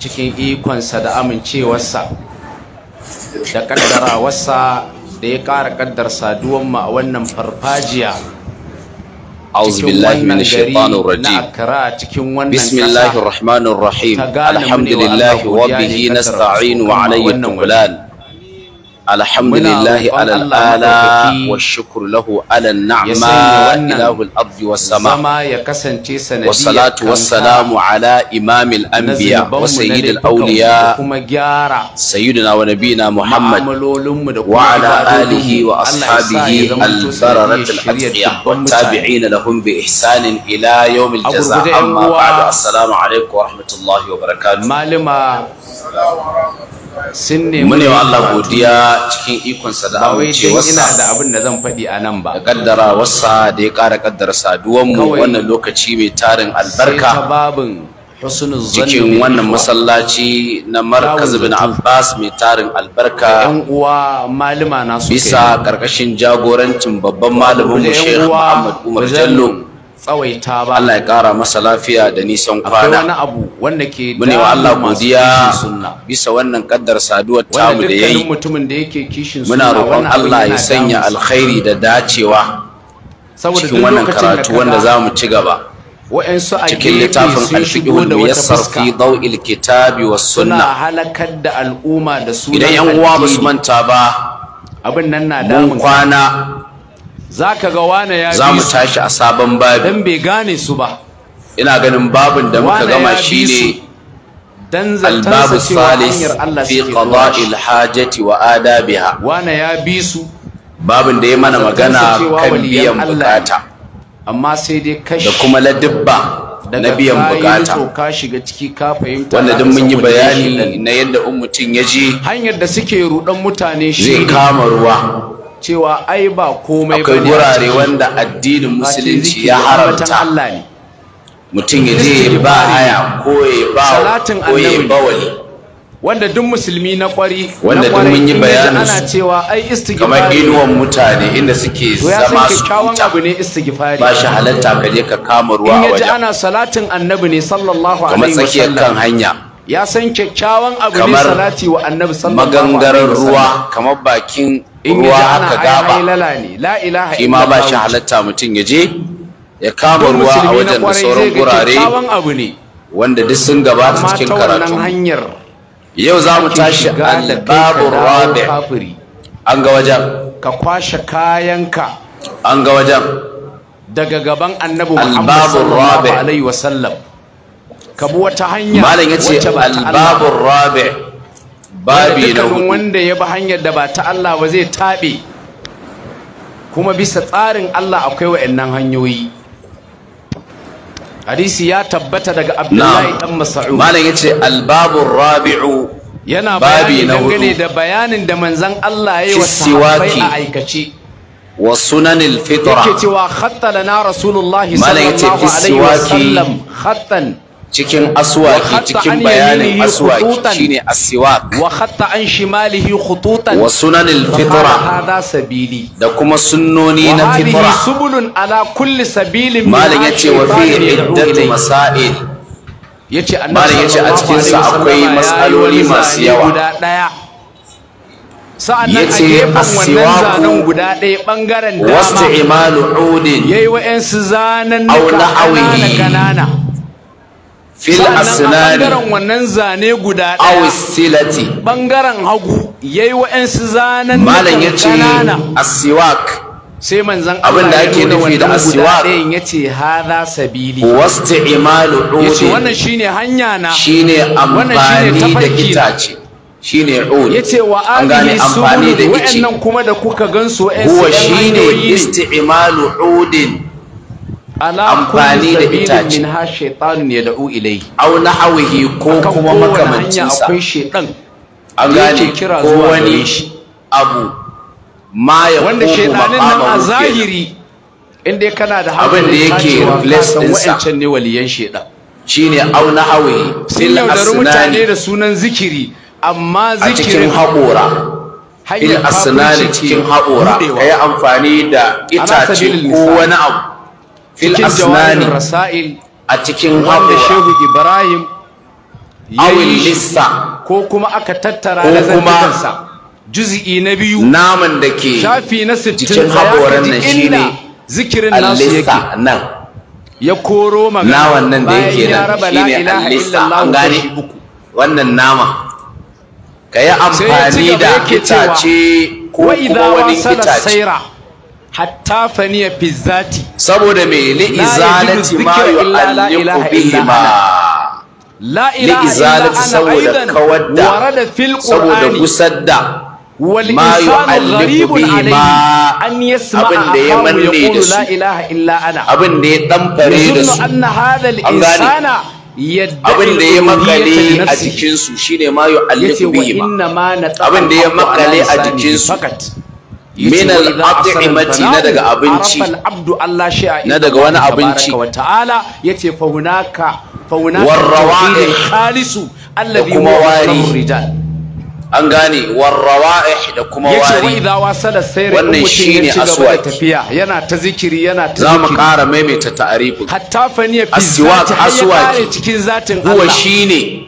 cikin ikonsa da amincewarsa da kaddarawarsa da ya ƙara kaddar saduwanmu a wannan farfajiya أعوذ بالله من الشيطان الرجيم بسم الله الرحمن الرحيم الحمد لله وبه نستعين وعليه التقلان alhamdulillahi alal ala wa shukru lahu ala ni'ma ilahul ardi wa sama wa salatu wa wassalatu wassalamu ala imamil anbiya wa sayyidil awliya sayyidina wa nabina muhammad wa ala alihi wa ashabihi al bararat al atqiya wa tabi'ina lahum bi ihsanin ila yawmil jaza amma ba'du assalamu alaikum wa rahmatullahi wa barakatuh malima mune wa Allah godiya cikin ikonsa da wasa ina da abin da zan faɗi a nan ba da kaddara wasa da ya ƙara kaddara saduwanmu wannan lokaci mai tarin albarka cikin wannan masallaci na markaz bin abbas mai tarin albarka bisa ƙarƙashin jagorancin babban malamin mu shehu muhammad umar jallo tsawaita ba Allah ya kara masa lafiya da nisan kwana wani abu wanda ke mune wa Allah godiya bisa wannan kaddar saduwar tamu da yayi mutumin da yake kishin muna roƙon Allah ya sanya alkhairi da dacewa cikin wannan karatu wanda za mu ci gaba cikin littafin alfiqhu da yassar fi daw'il kitabi was sunna halakar da al'umma da su idan yan uwa ba su manta ba abin nan na damun kwana zaka ga wane ya za mu tashi a sabon babi dan bai gane su ba ina ganin babin da muka gama ne dan hanyar Allah fi qada'il hajati wa adabiha wane ya bi su babin da ya mana magana kan biyan bukata amma sai dai kashi da kuma ladibba na biyan bukata ka wannan duk mun yi bayani na yadda in mutum ya je hanyar da suke rudan mutane shi zai kama ruwa cewa ai ba komai ba ne gurare wanda addinin musulunci ya haramta Allah ne mutum ya je ba haya ko ya ba salatin annabi wanda duk musulmi na kwari wanda duk mun yi bayanin ana cewa ai istighfar kamar inuwan mutane inda suke zama su kyawun abu ne istighfar ba shi halatta ka je ka kama ruwa wajen in yaji ana salatin annabi ne sallallahu alaihi wasallam kamar tsakiyar kan hanya ya san kyakkyawan abu ne salati wa annabi sallallahu alaihi wasallam magangaran ruwa kamar bakin in ya ji ana gaba shi ma ba shi halatta mutum ya je ya kama ruwa a wajen da sauran gurare wanda duk sun gabata cikin karatu yau za mu tashi al-babu rabi an ga wajen ka kwashe kayanka an ga wajen daga gaban annabi Muhammad sallallahu alaihi wasallam ka bi wata hanya malam yace al-babu rabi' babi na hudu wanda ya bi hanyar da ba ta Allah ba zai tabe kuma bisa tsarin Allah akwai wa'annan hanyoyi hadisi ya tabbata daga Abdullahi dan Mas'ud malam yace al-babu rabi'u yana babi na hudu gane da bayanin da manzon Allah ya yi wa sahabbai a aikace wa sunanil fitra yake cewa khatta lana rasulullahi sallallahu alaihi wasallam khattan cikin aswaki cikin bayanin aswaki shine aswak wa hatta an shimalihi khututan wa sunan alfitra hada sabili da kuma sunnoni na fitra subulun ala kulli sabilin malin yace wa fi iddat masail yace annabi yace a cikin sa akwai masaloli masu yawa sa'annan a gefen wannan zanen guda ɗaya ɓangaren dama wasu imalu udin yayi wa'ensu zanen na kanana kanana fil asnani bangaran wannan zane guda ɗaya. A silati bangaren hagu yayi wa'ansu zanan malam yace asiwak sai manzan Abin da ake nufi da asiwak yace hada sabili wasti'malu udi yace wannan shine hanya na shine amfani da itace shine Ya yace wa alihi amfani da ice wannan kuma da kuka gansu wa'ansu huwa shine isti'malu udin amfani da itace au na hawihi ko kuma makamancinsa an gane ko wani abu ma ya wanda shedanin nan inda kana da abin da yake replace ɗinsa wa'ancan ne waliyan shedan shine au na hawihi sun yaudaru mutane da sunan zikiri amma zikirin haƙora fil asnani cikin haƙora ka yi amfani da itace ko wani abu fil a cikin wanda shehu ibrahim lissa ko kuma aka tattara da zantukansa juz'i na biyu naman da ke shafi na 60 cikin nan zikirin nasu nan ya koro magana da nan shine wannan nama ka yi amfani da itace ko kuma wani itace hatta faniya fi zati saboda me li izalati ma yu'allimu bihi ma la ilaha izalati saboda kawadda saboda gusadda ma yu'alliqu bihi ma an yasma abin da ya manne da su abin da ya damfare da su an gane. abin da ya makale a jikinsu shine ma yu'allimu bihi ma abin da ya makale a jikinsu min al-at'imati na daga abinci na daga wani abinci wa ta'ala yace fa an gane warrawa'ih da kuma wari wannan shine aswak tafiya yana ta zikiri yana ta zikiri zamu ƙara maimaita ta'arifin hatta faniya fi aswak aswak cikin zatin Allah shine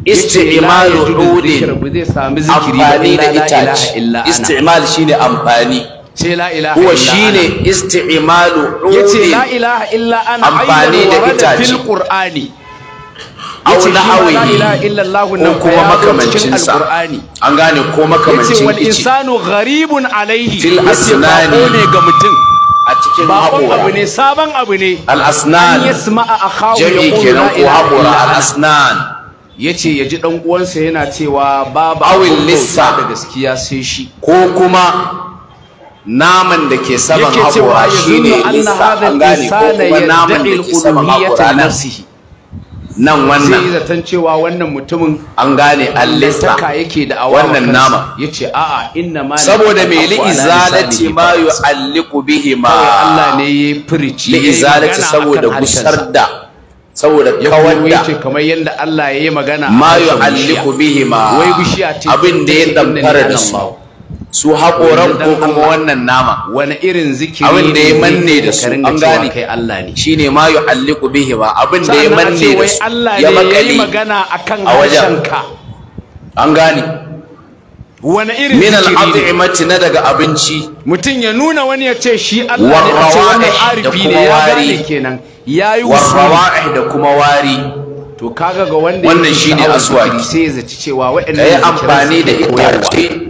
isti'malu udin amfani da itace isti'mal shine amfani huwa shine isti'malu udin amfani da itace au na nahawi ko kuma makamancin sa an gane ko makamancin ice insanu gharibun alaihi fil asnani ne ga mutum a cikin haƙora abu ne sabon abu ne al asnan jami'i kenan ko haƙora al asnan ya ce ya ji ɗan uwansa yana cewa babu awin lissa da gaskiya sai shi ko kuma naman da ke saman haƙura shi ne lissa an gane ko kuma naman da ke saman haƙura nafsihi nan wannan sai zaton cewa wannan mutumin an gane allista yake da wannan nama ya yace a'a inna ma saboda mai li izalati ma yu'alliqu bihi ma Allah ne ya furici li izalati saboda gusar da saboda kawar da yace kamar yadda Allah ya yi magana ma bihi ma abin da ya damfara da su su haƙoran ko kuma wannan nama wani irin zikiri abin da ya manne da su an gane kai Allah ne ne ma halliku bihi ma abin da ya manne da su ya makali a wajen an gane wani irin min al na daga abinci mutum ya nuna wani ya ce shi Allah ne a ce wani arifi ne ya gane kenan yayi usuli da kuma wari to kaga ga wanda wannan shine aswari sai ya zaci cewa wa'annan yayi amfani da itace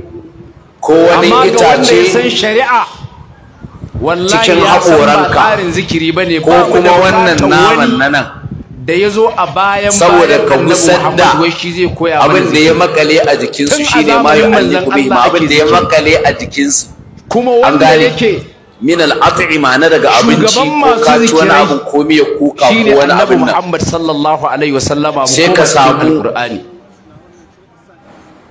ko wani itace amma san shari'a wallahi ya san ba zikiri bane ko kuma wannan naman nan da ya zo a bayan saboda ka gusar da abin da ya makale a jikinsu shi ne ma yu'alliku ma abin da ya makale a jikinsu kuma wanda yake min al'at'ima na daga abinci ko ka ci wani abu ko miya kuka ko wani abin nan Muhammad sallallahu alaihi sai ka samu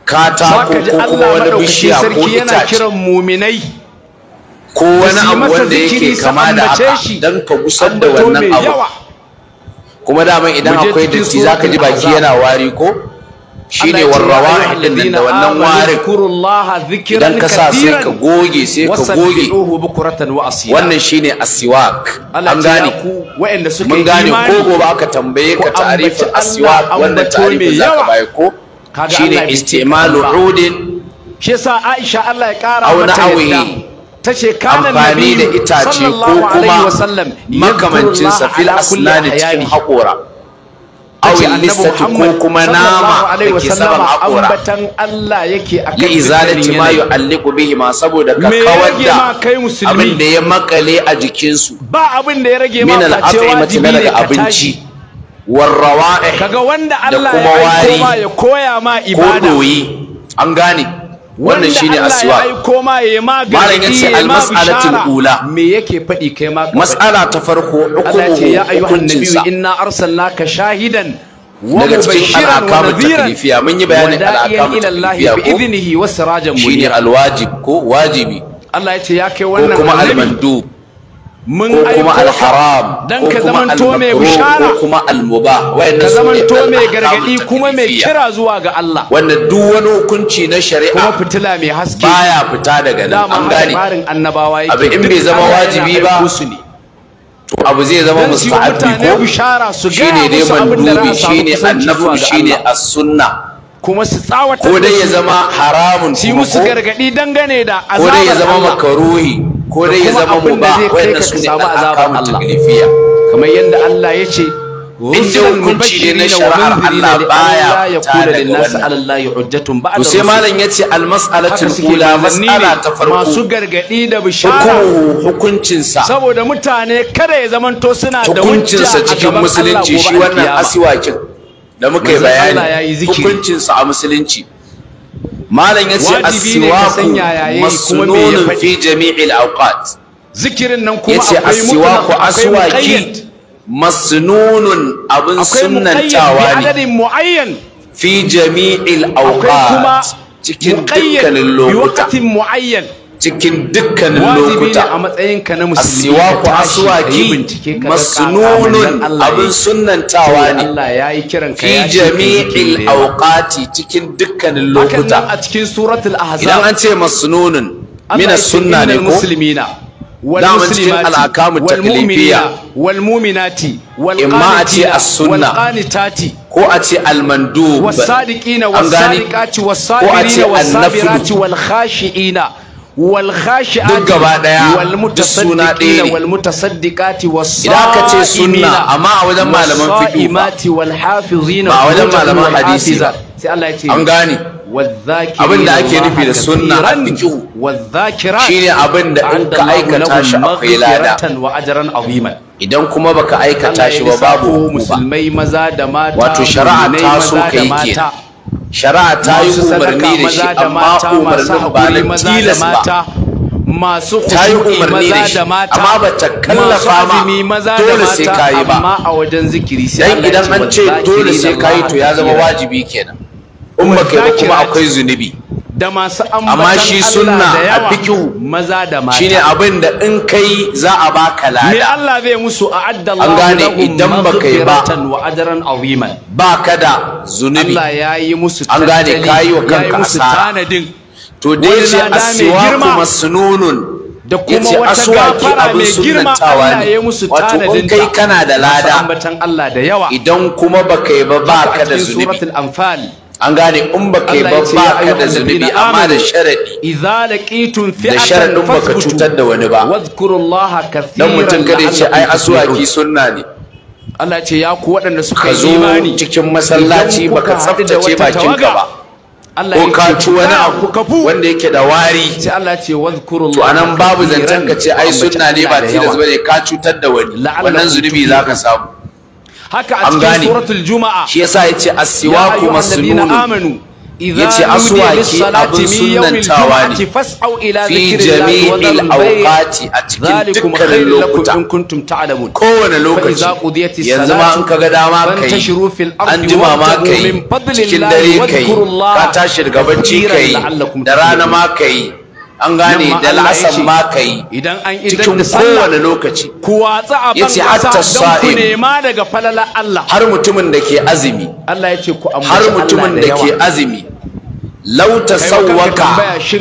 katako ko kuma wani bishiya ko itace kiran muminai ko wani abu wanda yake kama da aka, dan ka gusar da wannan abu kuma daman idan akwai datti za ka ji baki yana wari ko ne warrawa din nan da wannan warin idan ka sa sai ka goge sai ka goge wannan shi ne asiwak an gane mun gane ko gobe aka tambaye ka tarifin asiwak wannan tarifin ka bayi ko ne istimalu rudin shi yasa Aisha Allah ya kara mata yadda ta shekarar amfani da itace ko kuma makamancinsa fil aslani cikin haƙora awil listati ko kuma nama da ke saman haƙora li izalati ma yu'alliqu bihi ma saboda ka kawar da abin da ya makale a jikinsu ba abin da ya rage ma daga abinci warrawa'i kaga wanda Allah ya koya ma ibada ko doyi an gane wannan shine aswa malam yace al mas'alatul ula me yake faɗi kai ma mas'ala ta farko Allah ce ya ayyuhan nabiyyu inna arsalnaka shahidan daga cikin al'akamun taklifiya mun yi bayanin al'akamun taklifiya ko shine alwajib ko wajibi Allah ya ce ya kai wannan kuma al mun kuma alharam ko ka zamanto mai kuma almuba ka zamanto mai gargadi kuma mai kira zuwa ga Allah wanda duk wani hukunci na shari'a kuma fitila mai haske baya fita daga nan an gane annabawa yake abu in bai zama wajibi ba to abu zai zama musta'abi ko shine dai mandubi shine annabi shine as-sunnah kuma su tsawata ko dai ya zama haramun ko dai ya zama makaruhi ko dai ya zama mu ba wanda su ne azaban Allah kamar yadda Allah ya ce hukunci ne na shar'ar Allah baya tare da wannan to sai malam yace al mas'alatul ula mas'ala ta farko masu gargadi da bishara hukuncin sa saboda mutane kada ya to suna da hukuncin sa cikin musulunci shi wannan asiwakin, da muka yi bayani hukuncin sa a musulunci malam yace as-siwaku masnunun fi jami'il awqat zikirin nan kuma yace as-siwaku aswaki masnunun abin sunnantawa ne fi jami'il awqat cikin dukkanin lokuta cikin dukkanin lokuta a matsayinka na musulmi aswaki masnunun abin sunnantawa ne Allah ya kiran ka fi jami'il awqati cikin dukkanin lokuta a cikin suratul ahzab idan an ce masnunun min sunna ne ko daman cikin al'akamu taklifiya wal mu'minati wal a ce as-sunna ko a ce al was sadiqina was sadiqati was sabirina was sabirati wal khashiina duk gaba ɗaya wal mutasaddiqina wal idan amma a wajen malaman ba a wajen malaman hadisi ba an gane abin da ake nufi da sunna a fiqh shine abin idan kuma baka aikata shi ba babu musulmai maza da mata wato shari'a ta so kai kenan shari'a ta yi umarni da shi amma umarnin ba na tilas ba masu ta yi umarni da shi amma ba ta kallafa ma dole sai ka yi ba dan idan an ce dole sai ka yi to ya zama wajibi kenan Umar kai kuma akwai zunubi da masu ambatan amma shi sunna a fikihu maza da mata shine abin da in kai za a baka lada me Allah zai musu a adda Allah an gane idan baka yi ba wa ajran aziman baka da zunubi Allah yayi musu an gane kai wa kanka asara to da yace kuma sununun da kuma wata gafara mai girma Allah ya musu tanadin kai kana da lada idan kuma baka yi ba baka da zunubi an gane in ba kai ba ba ka da zunubi amma da sharadi idza laqitum fi'atan da sharadin ba ka cutar da wani ba wadhkurullaha dan mutum kada ya ce ai aswaki sunna ne Allah ce ya ku waɗanda suka yi imani cikin masallaci baka tsaftace bakinka ba ko ka ci wani abu wanda yake da wari sai Allah ce to anan babu zancen ka ce ai sunna ne ba tilas bane ka cutar da wani wannan zunubi zaka samu haka a cikin suratul juma'a shi yasa yace Asiwaku siwaku yace asuwaki abin sunantawa ne fi jami'il awqati a cikin dukkanin lokuta kowane lokaci yanzu ma an kaga dama kai an jima ma kai cikin dare kai ka tashi daga bacci kai da rana ma kai an gane da la'asan ma ka yi idan kowane lokaci ya ce hatta ban har mutumin da ke azumi har mutumin da ke azumi lauta sauwaka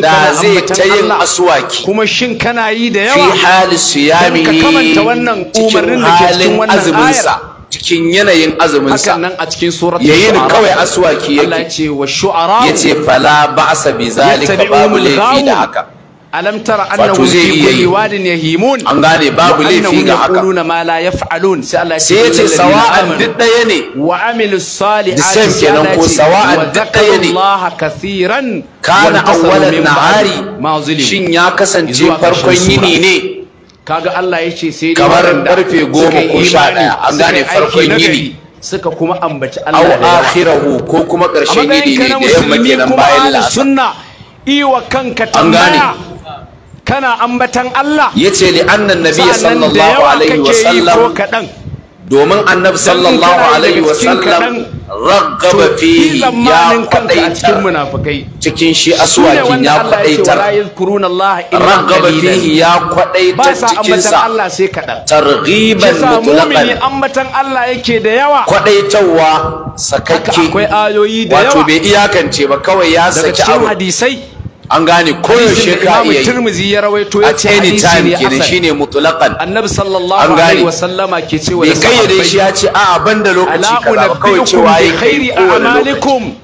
da zai ta yin aswaki kuma shin kana yi da yawa fi hali siyami cikin halin azuminsa cikin yanayin azumin sa hakan nan a cikin suratul shu'ara yayin kawai aswaki yake Allah ce wa shu'ara yace fala ba'sa bi zalika babu laifi da haka alam tara annahu fi kulli wadin yahimun an gane babu laifi ga haka annahum ma la yaf'alun sai Allah sai yace sawa'an duk daya ne wa amilus salihati sai kenan ko sawa'an duk daya ne Allah kaseeran kana awwalan nahari shin ya kasance farkon yini ne kaga Allah ya ce sai kamar karfe goma ko sha ɗaya an gane farkon yini suka kuma ambaci Allah da akhirahu ko kuma karshen yini ne da yamma kenan bayan sunna iwa kanka tambaya kana ambatan Allah yace li annan nabiy sallallahu alaihi wa sallam domin annabi sallallahu alaihi wa sallam raggaba fi ya kwadaitar cikin shi aswakin ya kwadaitar raggaba fi ya kwadaitar cikin sa targhiban mutlaqan ambatan Allah yake da yawa kwadaitarwa sakakke akwai ayoyi da yawa wato bai iyakance ba kawai ya saki abu an gane koyaushe ka iya yi ya rawaito ya ce shi ne kenan shine mutlaqan annabi sallallahu alaihi wasallama ke kayyade shi ya ce a'a da lokaci kaza kawai cewa yi khairi lokaci.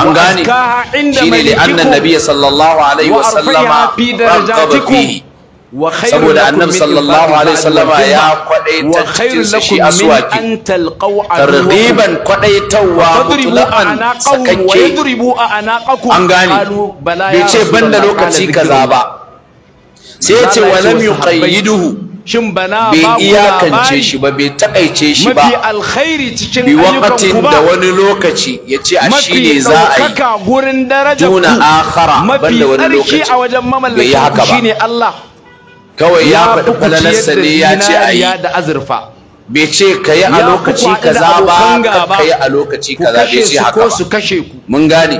an gane shine li anna nabiyya sallallahu alaihi wasallama raqaba fihi saboda annabi sallallahu alaihi sallama ya kwadaita cikinsa shi aswaki targhiban kwadaitawa mutlaqan sakakke an gane bai ce ban da lokaci kaza ba sai ya ce wa lam yuqayyiduhu bai iyakance shi ba bai taƙaice shi ba bi waqatin da wani lokaci ya ce a shi ne za a yi juna daraja duna akhara banda wani lokaci mafi a wajen mamallaki kawai ya faɗi falalarsa ne ya ce a yi da azurfa bai ce ka yi a lokaci kaza ba ka yi a lokaci kaza bai ce haka ba mun gane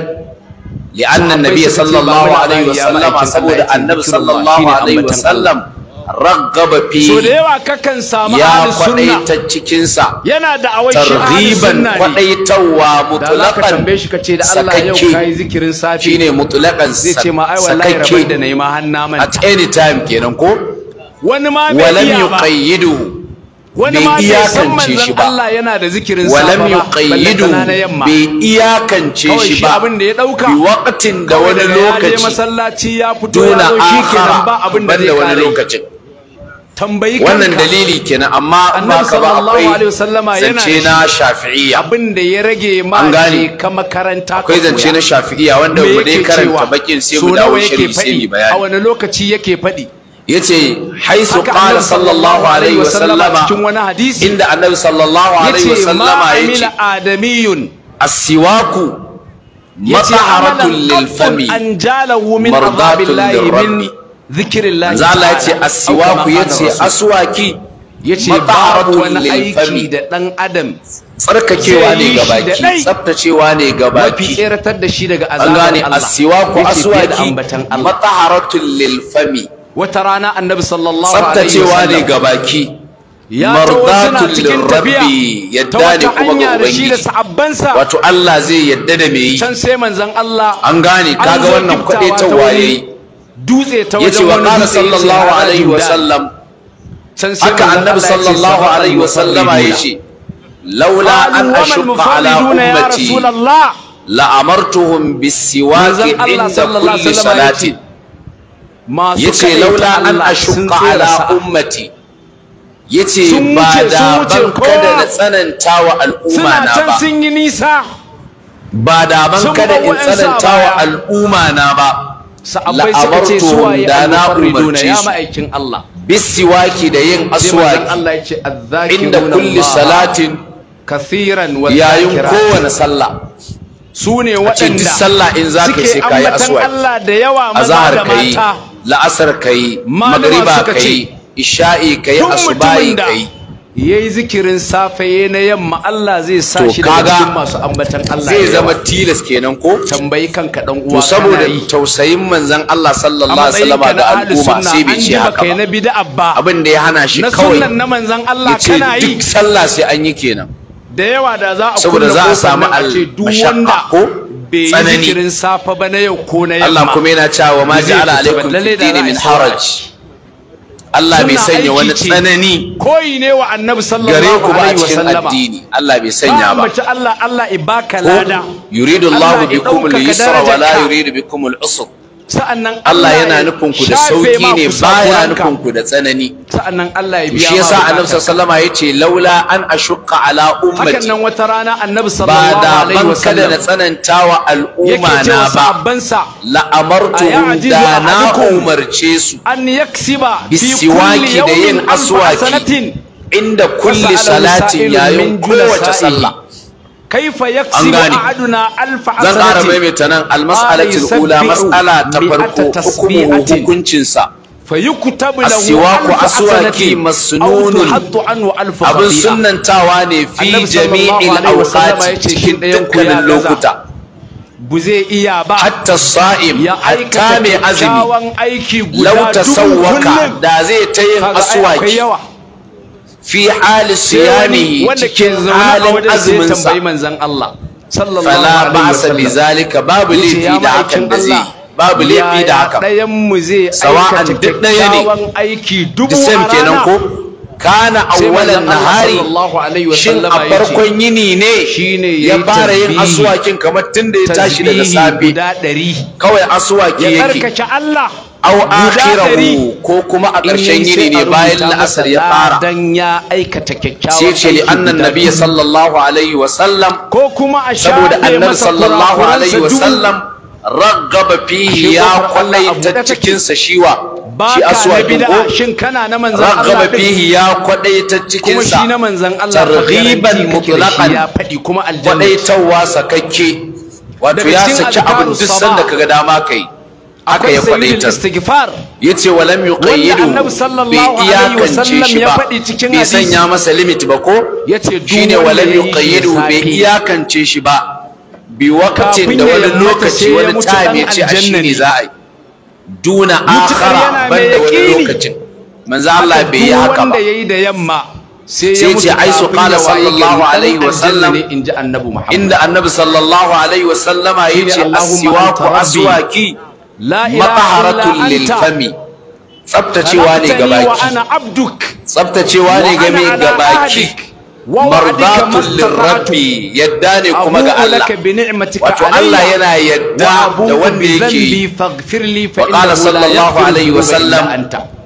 li'annan nabi sallallahu alaihi wasallam saboda annabi sallallahu alaihi wasallam raggaba fi da yawa kakan ya kwadaita cikinsa. sa yana da awai targhiban shi shine at any time kenan ko wani ma bai bai iyakance shi ba. yana da zikirin safa bai iyakance shi ba Bi da da wani lokaci masallaci ya fito ya da tambayi kanka wannan dalili kenan amma ba ka ba akwai zance na shafi'iyya abinda ya rage ma ce ka makaranta akwai zance na shafi'iyya wanda dai karanta bakin sai mu dawo shiri sai mu bayani a wani lokaci yake faɗi yace haisu qala sallallahu alaihi wasallama cikin wani hadisi inda annabi sallallahu alaihi wasallama yace adamiyun as-siwaku lil fami anjalahu min zikirillahi manzo Allah yace as yace aswaki yace babu wani aiki da adam tsarkakewa ne ga baki tsaftacewa ne ga baki mafi tseratar da shi daga azabar Allah gane Asiwaku aswaki mataharatul wata rana annabi sallallahu alaihi wasallam tsaftacewa ne ga baki mardatul lirabbi yadda ne kuma ga ubangiji wato Allah zai yadda da me yi can sai manzon Allah an gane kaga wannan kwade tawaye dutse ta wajen wani dutse ya ce sallallahu alaihi wa sallam haka annabi sallallahu alaihi wa sallama ya ce laula an ashqa ala ummati la amartuhum bisiwaki inda kulli salatin yace laula an ashqa ala ummati yace ba da ban kada na tsananta wa al'umma na ba sun yi nisa ba da ban kada in tsananta wa al'umma na ba sa'abai suka ce suwaye al-mufarriduna ya ma'aikin Allah bisiwaki da yin aswaki inda kulli salatin kathiran wa yayin kowane sallah su ne waɗanda sallah in za ka sai kayi aswaki Allah da yawa maza da mata la'asar kai magriba kai isha'i kai asubai kai ya yi zikirin safaye na yamma Allah zai sa shi da cikin masu ambatan Allah zai zama tilas kenan ko tambayi kanka dan uwa saboda tausayin manzon Allah sallallahu alaihi wasallam da al'umma sai bai ce haka ba na bid'a ba abin da ya hana shi kawai na sunnan na manzon Allah kana yi duk sallah sai an yi kenan da yawa da za a saboda za a samu al-mashaqqa ko bai zikirin safa ba na yau ko na yamma Allah kuma yana cewa ma ja'ala alaikum fi dini min haraj Allah bai sanya wani tsanani koyi ne wa annabi sallallahu alaihi wasallam gare ku ba cikin Allah bai sanya ba mace Allah Allah ibaka lada yuridu Allah bikum al-yusra wa la yuridu bikum al-usr sa'annan Allah yana nufin ku da sauki ne baya nufin ku da tsanani sa'annan Allah ya biya shi yasa annabi sallallahu alaihi yace laula an ashqa ala ummati hakan nan wata rana annabi sallallahu alaihi wasallam ba da na tsananta wa al'umma na ba la amartu da na umarce su an yaksiba fi da yin aswaki inda kulli salatin yayin kowace sallah kaifa yaksibu aduna alfa zan ƙara maimaita nan almas'alatin ula mas'ala ta farko hukumu hukuncinsa fayuktabu lahu asiwaku aswaki masnunun abin sunantawa ne fi jami'in awqati cikin dukkanin lokuta bu zai iya ba hatta sa'im hatta mai azumi lauta tasawwaka da zai ta yin aswaki fi hali siyami cikin halin azumin sa manzon Allah sallallahu alaihi wasallam fala ba'sa bi zalika babu laifi da hakan da zai babu laifi da hakan. ɗayan mu zai sawa'an duk ɗaya ne aiki dubu a kenan ko kana awwalan nahari shin a farkon yini ne ya fara yin asuwakin kamar tun da ya tashi daga safe kawai asuwaki yake ya Allah au akhirahu ko kuma a ƙarshen yini ne bayan la'asar ya fara dan ya aikata kyakkyawan sai ce li annan nabiyyi sallallahu alaihi wa sallam ko kuma a saboda annan sallallahu alaihi wa sallam raggaba fihi ya kwalaita cikin sa shiwa shi aswa ko shin kana na manzon Allah raggaba fihi ya kwadaita cikin sa kuma shi na manzon Allah targhiban mutlaqan ya fadi kuma aljanna kwadaitawa sakakke wato ya saki abin duk sanda kaga dama kai aka ya faɗaitar ya ce wa lam yuqayyidu bai iyakance shi ba bai sanya masa limit ba ko shine wa lam yuqayyidu bai iyakance shi ba bi wakatin da wani lokaci wani time ya ce a shi ne za a yi duna akhara banda wani lokacin manzo Allah bai yi haka ba sai ce ai su qala sallallahu alaihi wa sallam inda annabi sallallahu alaihi wa sallama yace as-siwaku aswaki mataharatul lilfami. fami tsaftacewa ne ga baki tsaftacewa ne game ga baki mardatul lirabbi yadda ne kuma ga Allah wato Allah yana yadda da wanda yake yi wa qala sallallahu alaihi wa sallam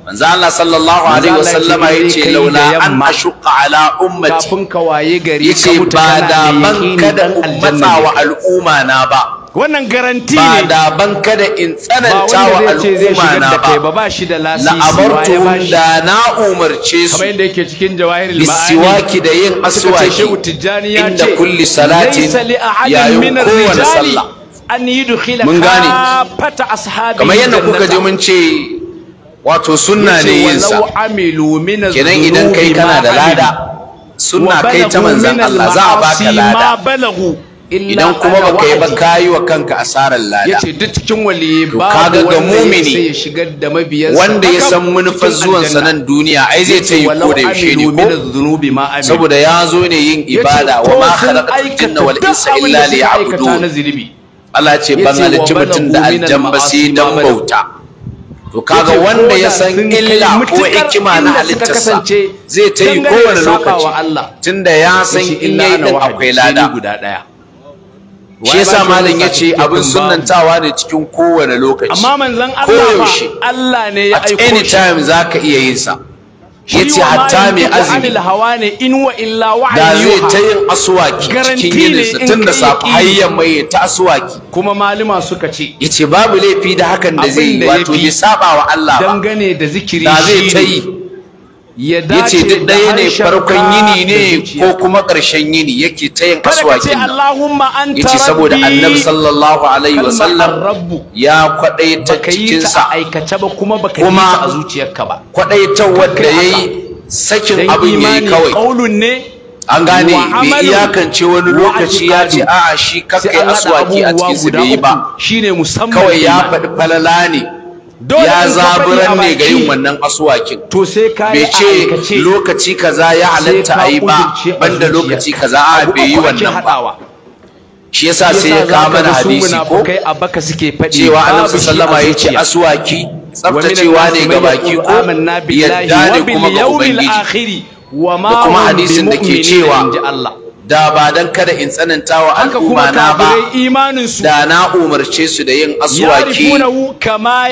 manzo Allah sallallahu alaihi wa sallama yace laula an ashqa ala ummati kafin ka waye gari ka mutana ba da ban kada ummata wa al'umma na ba wannan garanti ne ba da ban kada in tsananta wa al'umma na ba ba shi da lasisi la'amartu da na umarce su kamar inda yake cikin al ma'ani da yin aswaki inda kulli salatin yayin kowane sallah an yudkhila mun gane kamar yadda kuka ji mun ce wato sunna ne yin sa kenan idan kai kana da lada sunna kai ta manzon Allah za a baka lada idan kuma baka yi ba kayi wa kanka asarar lada yace duk cikin waliyi ba kaga ga mumini wanda ya san manufar zuwan sa nan duniya ai zai ta yi ko da yaushe ne ko saboda ya zo ne yin ibada wa ma khalaqatul jinna wal insa illa liya'budun Allah ce ban halicci mutum da aljambasi sai dan bauta to kaga wanda ya san illa ko hikima na halittarsa zai ta yi kowane lokaci tunda ya san in yayi akwai lada shi yasa malam ce abin sunnantawa ne cikin kowane lokaci amma manzon Allah ne ya aiko any time zaka iya yin sa yace hatta mai azumi da zai ta yin aswaki cikin yininsa tun da safa hayyan mai ta aswaki kuma malima suka ce yace babu laifi da hakan da zai yi wato bai saba wa Allah ba dangane da zikiri da zai ta yi ya dace duk ɗaya ne farkon yini ne ko kuma ƙarshen yini yake ta yin aswakin nan yace saboda annabi sallallahu alaihi wa sallam ya kwadaita cikin sa aikace ba kuma baka yi a zuciyarka ba wanda yayi sakin abin yi kawai kaulun ne an gane mai iyakance wani lokaci ya ce a'a shi kakkai aswaki a cikin su bai yi ba kawai ya faɗi falala ne ya zaburan ne ga yin wannan aswakin to sai ka bai ce lokaci kaza ya halatta a yi ba banda lokaci kaza a bai yi wannan ba shi yasa sai ya kama na hadisi ko cewa annabi sallama ya ce aswaki tsaftacewa ne ga baki ko yadda ne kuma ga ubangiji da kuma hadisin da ke cewa da ba dan kada in tsananta wa al'umma na ba da na umarce su da yin aswaki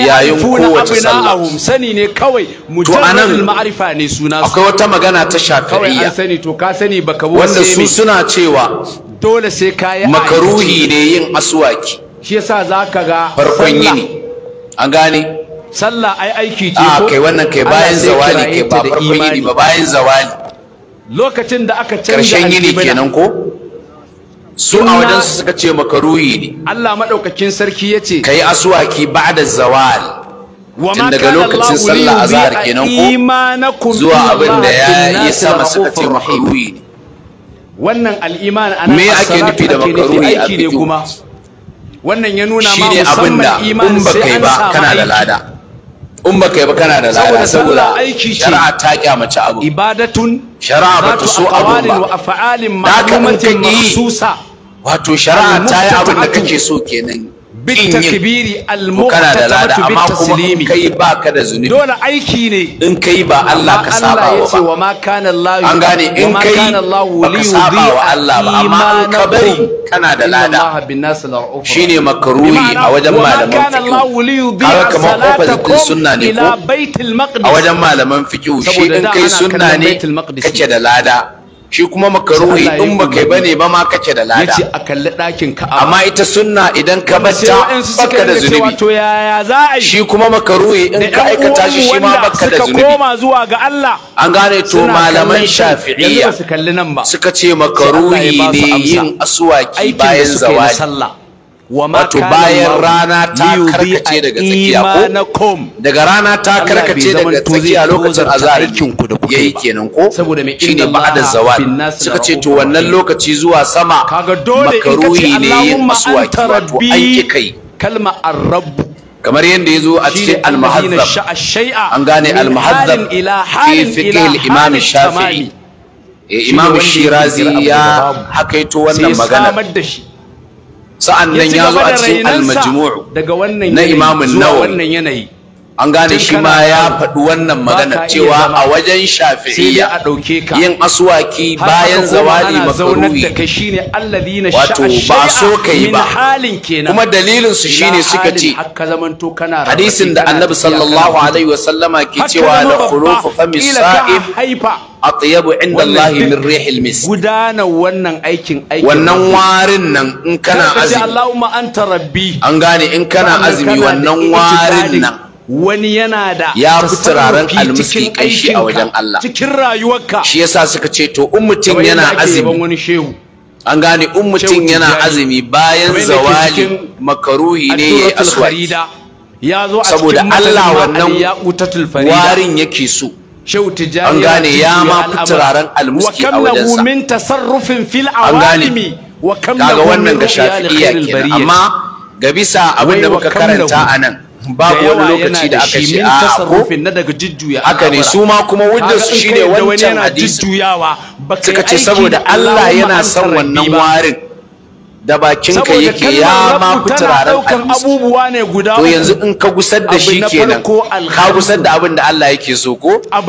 yayin kowace sallah sani ne kawai mujarradul ma'rifa ne suna akwai wata magana ta shafi'iyya sani to ka sani baka wanda su suna cewa dole sai kayi makaruhi ne yin aswaki shi yasa zaka ga farkon yini an gane sallah ai aiki ce ah, ko a kai wannan kai bayan zawali kai ba farkon yini ba bayan zawali lokacin da aka canza ƙarshen yini kenan ko su a wajen su suka ce makaruhi ne Allah madaukakin sarki yace kai aswaki ba'da zawal tun daga lokacin sallah azhar kenan ko zuwa abin da ya yi sama suka ce makaruhi ne wannan al'iman ana me ake nufi da makaruhi a fitu wannan ya nuna ma musamman iman sai an ba kana da lada in ba kai ba kana da lada saboda shari'a ta kyamace abu ibadatun shara'a ta so abun ba da ka yi wato shara'a ta yi abin da kake so kenan bil takbiri al muqtatamatu bit taslimi kai baka da zunubi dole aiki ne in kai ba Allah ka saba wa Allah wa ma an gane in kai baka saba wa Allah ba amma an ka bari kana da lada shine makaruri a wajen malaman ne ko a wajen malaman shi in kai ne kace da lada shi kuma makaruhi in ba kai bane ba ma kace da lada yace a kalli dakin ka amma ita sunna idan ka batta baka da zunubi to yaya za a yi shi kuma makaruhi in ka aikata shi shi ma baka da zunubi koma zuwa ga Allah an gane to malaman shafi'iyya suka ce makaruhi ne yin aswaki bayan zawali wato bayan rana ta karkace daga tsakiya ko daga rana ta karkace daga tsakiya lokacin kuke yayi kenan ko shine ba'da zawal suka ce to wannan lokaci zuwa sama makaruhi ne yin maswaki wato an kai kalma kamar yadda ya zo a cikin almahazzab an gane almahazzab fi fiqh al-imam shafi'i eh, imam shirazi ya hakaito wannan magana sa'an nan ya zo a cikin al-majmu' na imamun nawawi an gane shi ma ya faɗi wannan magana cewa a wajen shafi'iyya yin aswaki bayan zawali makaruhi wato ba so kai ba kuma dalilin su shine suka ce hadisin da annabi sallallahu alaihi wasallama ke cewa da khurufu fami sa'ib atyabu inda Allah min rihil mis gudana wannan aikin aikin wannan warin nan in kana azumi an gane in kana azumi wannan warin nan wani yana da ya fi turaren almiski kanshi a wajen Allah cikin rayuwarka shi yasa suka ce to ummutin yana azumi wani shehu an gane ummutin yana azumi bayan zawali makaruhi ne ya aswaki saboda Allah wannan warin yake so an gane ya ma fi turaren almiski a wajensa an gane kaga wannan ga shafi'iyya kenan amma ga bisa abin da muka karanta a nan babu wani lokaci da aka ce a ko haka ne su ma kuma wadda su shi ne wancan hadisi suka ce saboda Allah yana son wannan warin da bakinka yake ya ma fitiraren hadisi to yanzu in ka gusar da shi kenan ka gusar da abin da Allah yake so ko a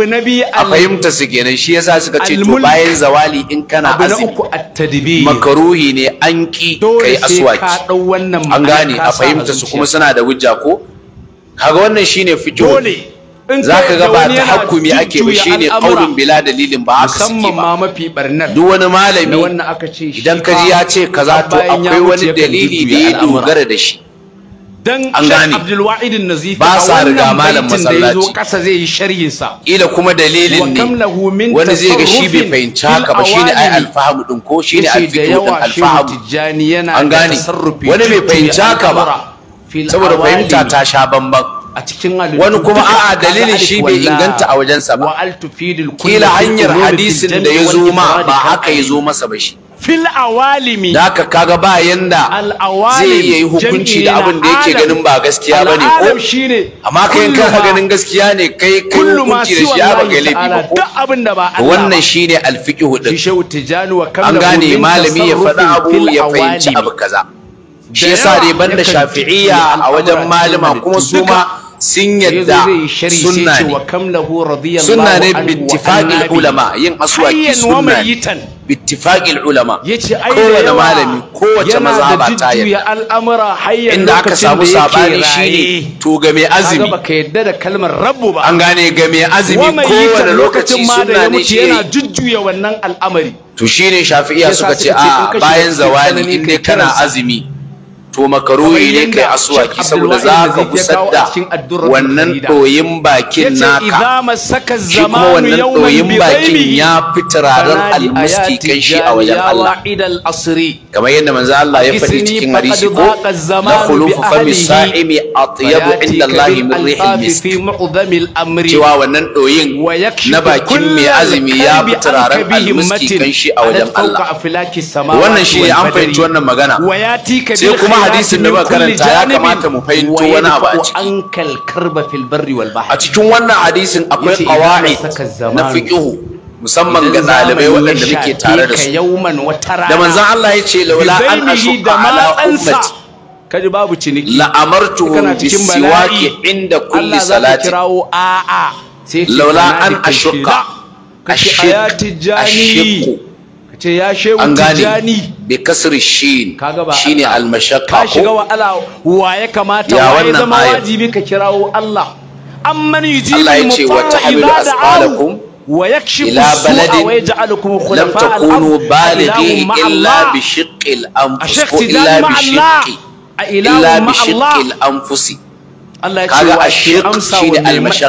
fahimta su kenan shi yasa suka ce to bayan zawali in kana azumi makaruhi ne an ki kai aswaki an gane a fahimta su kuma suna da hujja ko kaga wannan shine fijo zaka ga ba ta hukumi ake ba shine qaulun bila dalilin ba haka suke ba duk wani malami idan kaji ya ce kaza to akwai wani dalili da ya dogara da shi dan Abdul Wahid an-Nazifi ba sa riga malam masallaci kasa zai yi sharhin sa ila kuma dalilin ne wani zai ga shi bai fahimci haka ba shine ai alfahamu din ko shine alfiqhu din alfahamu an gane wani bai fahimci haka ba saboda fahimta ta sha bambam, a cikin wani kuma a'a dalilin shi bai inganta a wajensa ba kila hanyar hadisin da ya zo ma ba haka ya zo masa ba shi fil awalimi da haka kaga ba yanda zai iya yi hukunci da abin da yake ganin ba gaskiya bane ko amma kai in ka ganin gaskiya ne kai kai hukunci da shi ba ga laifi ba ko? abin da ba wannan shine alfiqhu din an gane malami ya faɗa abu ya fahimci abu kaza shi yasa dai banda shafi'iyya a wajen malama kuma suma, sun yadda sunna ne sunna ne ulama yin aswaki sunna ne bittifaqil ulama kowane malami kowace ba ta yadda inda aka samu sabani ne, to ga mai azumi an gane ga mai azumi kowane lokaci sunna ne shi ne, to shi ne shafi'iya suka ce a bayan zawani in kana azumi to makaruhi ne kai aswaki saboda za ka kusar da wannan ɗoyin bakin naka shi kuma wannan ɗoyin bakin ya fi turaren almuski kan shi a wajen Allah kamar yadda manzo Allah ya faɗi cikin hadisi ko na khulufu fami sa'imi atyabu inda Allah min rihil misk cewa wannan ɗoyin na bakin mai azumi ya fi turaren almuski kan shi a wajen Allah wannan shi ne an fahimci wannan magana sai kuma hadisin da muka karanta ya kamata mu fahimto wani abu a ciki ankal karba fil barri wal bahr a cikin wannan hadisin akwai qawaid na fiqhu musamman ga dalibai waɗanda muke tare da su da manzon Allah ya ce laula an ashuqa ala ummati kaji babu ciniki la'amartuhum bisiwaki inda kulli salati laula an ashuqa ashiq ashiq ce ya shehu tijani bi kasri shin shine almashaqqa ka shiga wa wa ya kamata ya zama wajibi ka kirawo Allah amman yujibu muta'a idza da'akum ويكشف السوء ويجعلكم خلفاء لم تكونوا بالغيه إلا بشق الأنفس إلا بشق إلا بشق Allah ya ce wa sai manzo Allah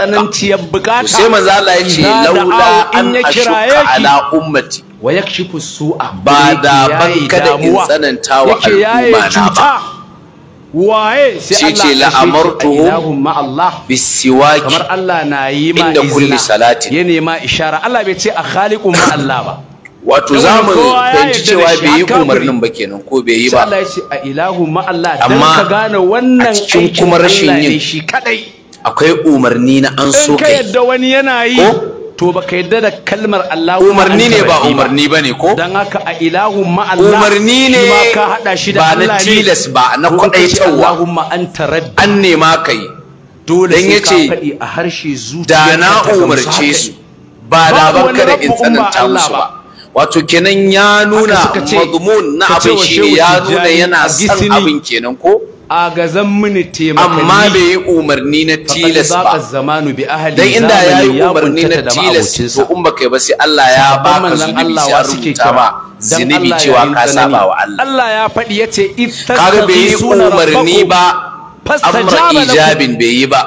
ya ce laula an ashqa ala ummati wa yakshifu su'a ba da ban kada in tsananta wa al'umma na ba waye sai Allah ce la'amartuhu ma Allah bisiwaki kamar Allah na yi ma inda kulli salatin yana ma ishara Allah bai ce a khaliqu ma Allah ba wato zamu mu fahimci cewa bai yi umarnin ba kenan ko bai yi ba Allah ya ce a ilahu ma Allah dan ka gane wannan cikin kuma rashin yin shi kadai akwai umarni na an so kai ka yadda wani yana yi to baka yadda da kalmar Allah umarni ne ba umarni ba ne ko dan haka a ilahu ma Allah umarni ne ka hada shi da Allah ba na tilas ba na kwadaitawa Allahumma anta rabbi an ne ma kai dole sai ka fadi a harshe zuciya da na umarce su ba da banka da in tsananta musu ba wato kenan ya nuna mazmun na abin shi ya nuna yana san abin kenan ko agazan mini taimakanni amma bai yi umarni na tilas ba zamanu bi ahli dan inda ya yi umarni na tilas to in baka ba sai Allah ya ba da zunubi sai a rubuta ba zunubi cewa ka saba wa Allah Allah ya faɗi yace kaga bai yi umarni ba amma ijabin bai yi ba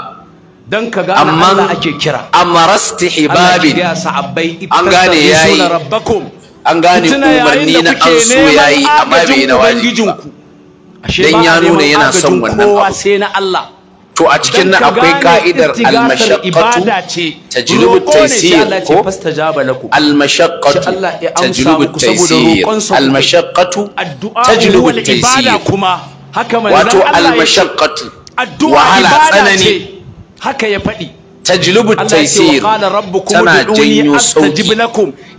dan ka gane Allah ake kira amma rastihibabin an gane yayi an gane umarni na an so yayi amma bai na wajibi dan ya nuna yana son wannan abu sai na Allah to a cikin nan akwai ka'idar al-mashaqqatu tajlibu at-taysir ko al-mashaqqatu tajlibu at-taysir al-mashaqqatu tajlibu wato al wahala tsanani haka ya faɗi tajlibu taysir tana janyo sauki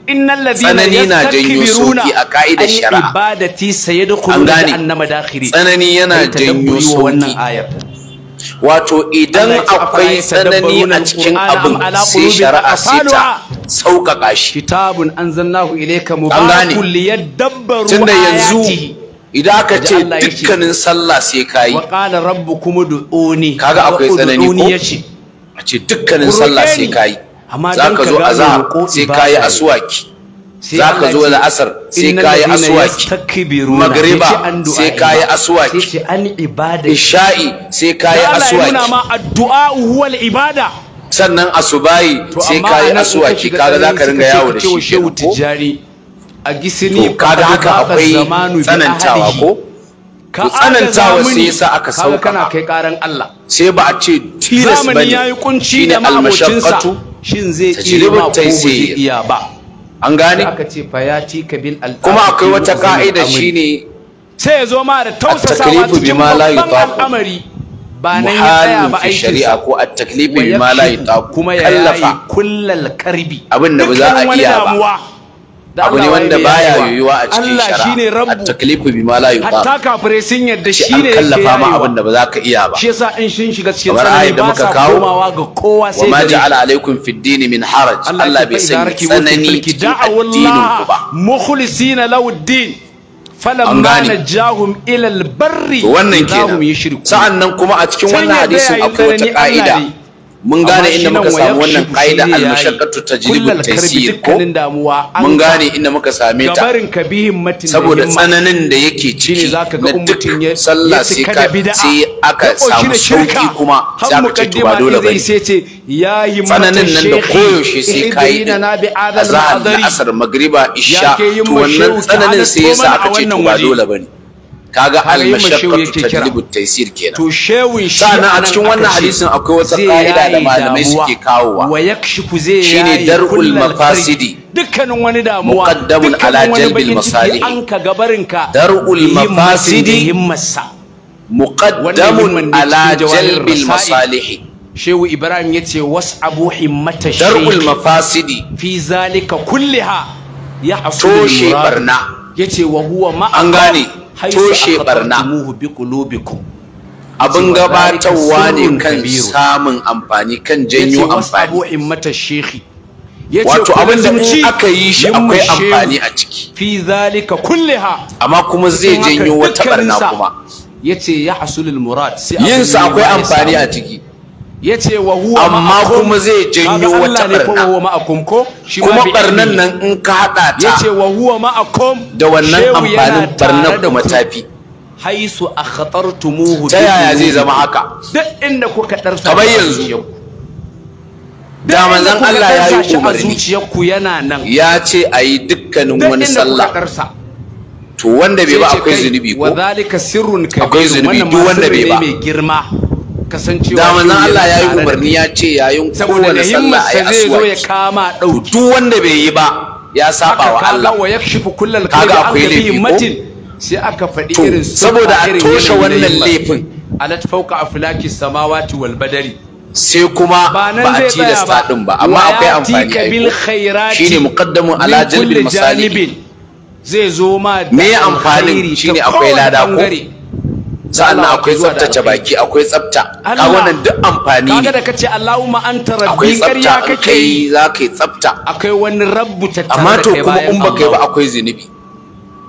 innal ladina yastakbiruna a ka'idar shari'a ibadati sayadkhuluna jahannama dakhiri tsanani yana janyo soki wato idan akwai tsanani a cikin abin sai shari'a sai ta sauƙaƙa shi kitabun anzalnahu ilayka mubarakun liyadabbaru tunda yanzu idan aka ce dukkanin sallah sai kayi wa qala rabbukum ud'uni kaga akwai tsanani ko a ce dukkanin sallah sai kayi za ka zo azahar sai ka yi aswaki za ka zo la'asar sai ka yi asuwaki. magriba sai ka yi asuwaki. isha'i sai ka yi asuwaki. sannan asubayi sai ka yi aswaki kaga za ka ringa yawo da shi to kaga haka akwai tsanantawa ko to tsanantawa sai yasa aka sauka sai ba a ce tilas bane shine almashaqqatu shin zai iya ma ko zai iya ba an gane aka ce fa ya ci kabil al kuma akwai wata ka'ida shine sai ya zo ma da tausasawa cikin babban al'amari ba nan ya tsaya ba aikin shari'a ko at taklifu bima la yutaq kuma ya kallafa kullal karbi abin da ba za a iya ba abu ne wanda baya yiwuwa a cikin shara Allah shine rabbu at-taklifu bima la yuqa hatta kafirai sun yadda shine yake kallafa ma abin da ba za ka iya ba shi yasa in shin shiga cikin tsanani ba sa komawa ga kowa sai ma ja'ala alaikum fid-din min haraj Allah bai sanya tsanani cikin addinin ku ba mukhlisina lahu din falamma najahum ila al-barri wannan kenan sa'annan kuma a cikin wannan hadisin akwai wata ka'ida mun gane inda muka samu wannan ƙa'ida al-mashaqqatu tajlibu taysir ko mun gane inda muka same ta saboda tsananin da yake ciki na duk sallah sai ka sai aka samu sauki kuma sai aka ce ba dole bane tsananin nan da koyaushe sai ka yi azahar asar magriba isha to wannan tsananin sai yasa aka ce ba dole bane kaga ga mashaqqatu tajlibu at-taysir kenan to shewin shi sana a cikin wannan hadisin akwai wata ka'ida da malamai suke kawowa wa yakshifu zai shine dar'ul mafasidi dukkanin wani damuwa muqaddamun ala jalbil masalih an ka gabarinka dar'ul mafasidi himmasa muqaddamun ala jalbil masalih shehu ibrahim yace was'abu himmata dar'ul mafasidi fi zalika kulliha ya hasulu toshe barna yace wa huwa ma an gane toshe barna abin gabatarwa ne kan samun amfani kan janyo amfani wato abin da in aka yi shi akwai amfani a ciki fi zalika kulliha amma kuma zai janyo wata barna kuma yace ya hasulul murad sai yin sa akwai amfani a ciki yace wa huwa amma kuma zai janyo wata barna kuma barnan nan in ka hada ta yace wa huwa ma'akum da wannan amfanin barnan da matafi haisu akhtartumuhu ta yaya zai zama haka duk inda kuka sa kamar yanzu da manzon Allah ya yi umarni zuciyarku yana nan ya ce a yi dukkanin wani sallah to wanda bai ba akwai zunubi ko akwai zunubi duk wanda bai ba kasancewa da manzon Allah ya yi umarni ya ce yayin kowane sallah kama aswaki duk wanda bai yi ba ya saba wa Allah kaga akwai laifi ko sai aka faɗi irin saboda a toshe wannan laifin alat fawqa aflaki samawati wal badari sai kuma ba a tilasta din ba amma akwai amfani shi ne muqaddamu ala jalbil masalibin zai zo ma da me amfanin ne akwai lada ko sa'annan akwai tsaftace baki akwai tsafta a wannan duk amfani ne kaga da kace Allahumma anta rabbi ƙarya kake yi za kai yi tsafta akwai wani rabbu tattare amma to kuma in baka yi ba akwai zunubi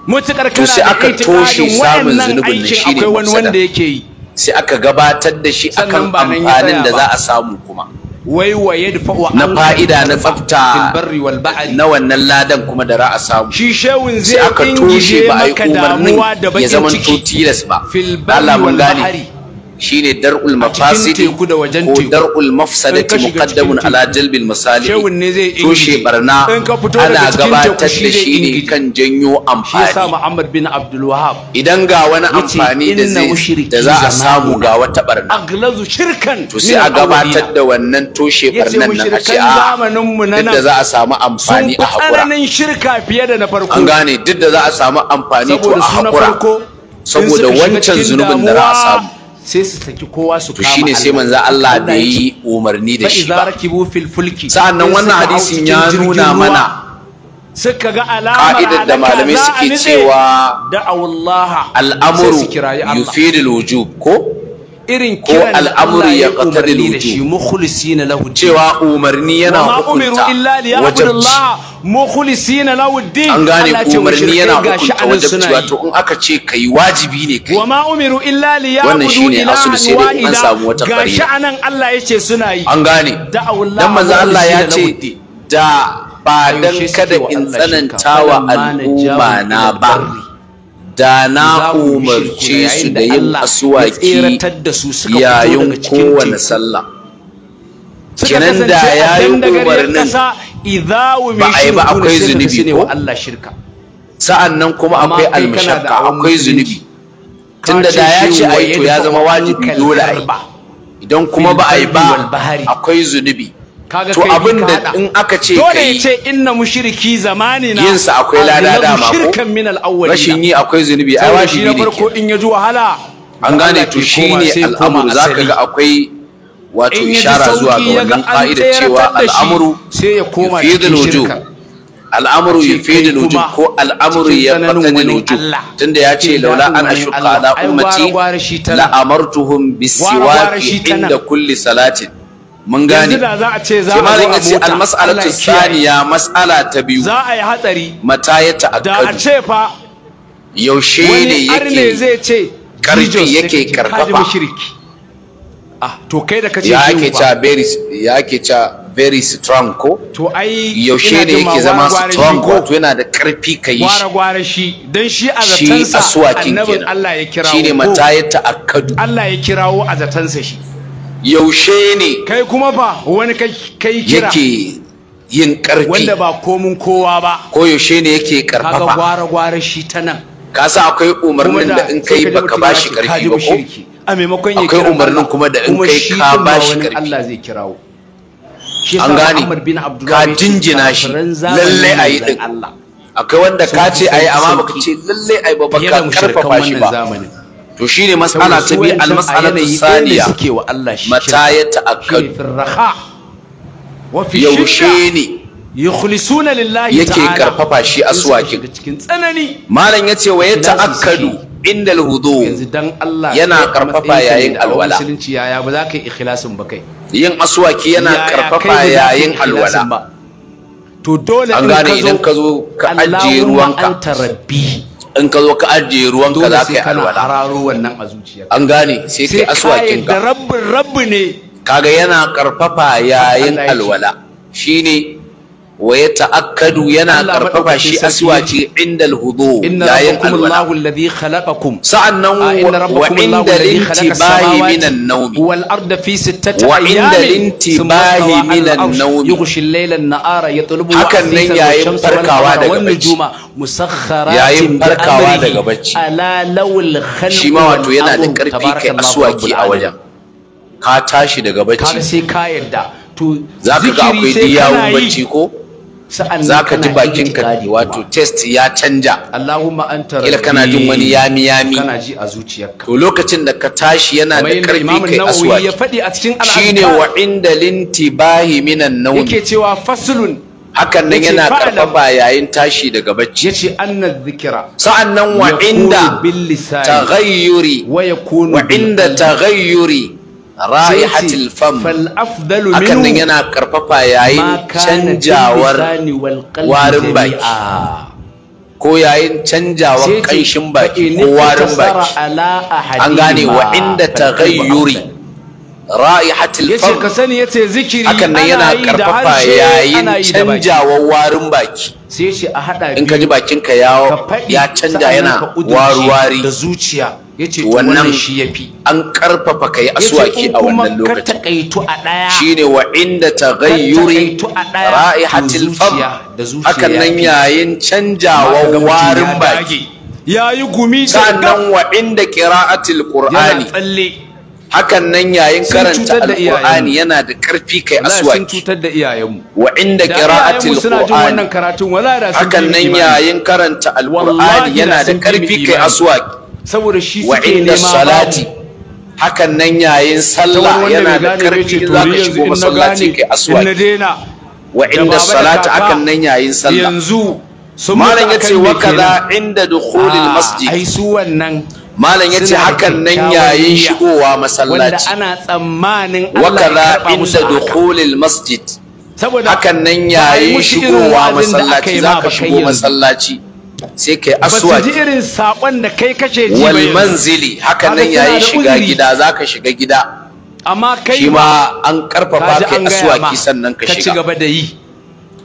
mutukar kana sai aka toshe samun zunubin nan shine akwai wani wanda yake yi sai aka gabatar da shi akan amfanin da za a samu kuma na fa'ida na tsafta na wannan ladan kuma da ra'a samu shi aka toshe ba a yi umarnin ya zama tilas ba Allah mun gane shine dar'ul mafasid ko dar'ul mafsadati muqaddamun ala jalbil masalih to she barna ana gabatar da shi ne kan janyo amfani shi Muhammad bin Abdul wahab idan ga wani amfani da zai da za a samu ga wata barna aglazu shirkan to sai a gabatar da wannan toshe barnan nan a ce a duk da za a samu amfani a hakura sun shirka fiye da na farko an gane duk da za a samu amfani to a hakura saboda wancan zunubin da za a samu sai su saki kowa su kama shine sai manzo Allah bai yi umarni da shi ba rakibu fil fulki sa'annan wannan hadisin ya nuna mana suka ga alamar ka'idar da malamai suke cewa da Allah al'amru yufidul wujub ko irin kiran al'amuri ya qatar da shi mukhlisin lahu cewa umarni yana hukunta wajibci mukhlisin lahu din an gane umarni yana hukunta wajen wajibci wato in aka ce kai wajibi ne kai wa ma umiru illa li ya'budu ilahan wahida an samu wata farida gashi anan Allah yace suna yi an gane dan manzo Allah ya ce da ba dan kada in tsanantawa al'umma na ba da na umarce su da yin asuwaki yayin kowane sallah kinan da ya yi umarnin ba a yi ba akwai zunubi ko sa'an nan kuma akwai almashakka akwai zunubi tunda da ya ce a yi to ya zama wajibi dole a yi idan kuma ba a yi ba akwai zunubi To abin da in aka ce kai dole ce inna mushriki zamani na yin sa akwai lada da ma ko min al rashin yi akwai zunubi ai wajibi ne farko in ji wahala an gane to shine al'amuru zaka ga akwai wato ishara zuwa ga wannan fa'idar cewa al'amuru sai ya koma cikin shirka al'amuru ya al-wujub ko al'amuru yaqtadi al-wujub tunda ya ce laula an ashqa ala ummati la amartuhum bis-siwaki inda kulli salatin mun gane da za a ce almas'alatu saniya mas'ala ta biyu za a yi hatsari mata ya ta'akkadu da a ce fa yaushe ne yake zai ce karfi yake karfafa ah, to kai da kace ya ake cha very ya ake cha very strong ko to ai yaushe ne yake zama strong ko to yana da karfi kai shi gwara gwara shi dan shi azatansa annabin Allah ya kirawo shi ne mata ya ta'akkadu Allah ya kirawo azatansa shi yaushe ne kai kuma ba wani kai kira yake yin karfi wanda ba komun kowa ba ko yaushe ne yake karfafa kaga gwara gwara shi ta nan ka sa akwai umarnin da in kai baka ba shi karfi ba ko a maimakon ya akwai umarnin kuma da in kai ka ba shi karfi Allah zai kirawo an gane ka jinjina shi lalle a yi din akwai wanda ka ce a yi amma baka ce lalle a yi ba baka karfafa shi ba to shine mas'ala ta bi al-mas'alatu thaniya mata ya ta'akkadu yaushe ne yukhlisuna lillahi yake karfafa shi aswakin malam yace wa ya ta'akkadu inda al yana karfafa yayin alwala yaya ba za ka yi ikhlasin ba kai yin aswaki yana karfafa yayin alwala to dole in ka zo ka ajiye ruwanka in ka zo ka ajiye ruwan ka za ka yi alwala hararo wannan a zuciya an gane sai kai aswakin ka rabbi rabbi ne kaga yana karfafa yayin alwala shine wa ya ta'akkadu yana karfafa shi aswaci inda alhudu yayin alwala sa'annan ah, wa inda lintibahi minan nawmi wal arda minan nawmi hakan nan yayin farkawa daga bacci yayin farkawa daga bacci ala lawil yana da karfi kai aswaki a wajen ka tashi daga bacci sai ka yarda to zaka ga akwai diyawun bacci ko za ka ji bakinka wato test ya canja kila kana jin wani yami yami to lokacin da ka tashi yana da karfi kai aswaki ne wa inda lintibahi minan nawm cewa faslun hakan nan yana karfafa yayin tashi daga bacci yace anna sa'annan wa inda taghayyuri wa inda taghayyuri ra'ihatil fam hakan nan yana karfafa yayin canjawar warin baki ko yayin canjawar kanshin baki ko warin baki an gane ra'ihatul yace ka sani yace zikiri yana karfafa yayin canjawa warin baki sai yace a hada in ka ji bakin ka ya ya canja yana waruwari da zuciya yace wannan shi yafi an karfafa kai aswaki a wannan lokacin ka takaitu a daya shine wa inda taghayyuri ra'ihatul fam hakan nan yayin canjawa warin baki yayi gumi sannan wa inda qira'atul qur'ani hakan nan yayin karanta alqur'ani yana da karfi kai aswaki sun cutar da iyayenmu wa inda qira'atil qur'ani hakan nan yayin karanta alqur'ani yana da karfi kai aswaki saboda shi wa inda salati hakan nan yayin sallah yana da karfi za ka shigo masallaci kai aswaki wa inda salati hakan nan yayin sallah yanzu malam yace wa kaza inda dukhulil ah, masjid ai su wannan malam ya ce hakan nan yayin shigowa masallaci ana tsammanin Allah ya inda dukhulil masjid hakan nan yayin shigowa masallaci zaka shigo masallaci sai kai ji irin sakon da kai kace ji wal manzili hakan nan yayin shiga gida zaka shiga gida amma kai shi ma an karfafa kai aswaki sannan ka shiga ka ci gaba da yi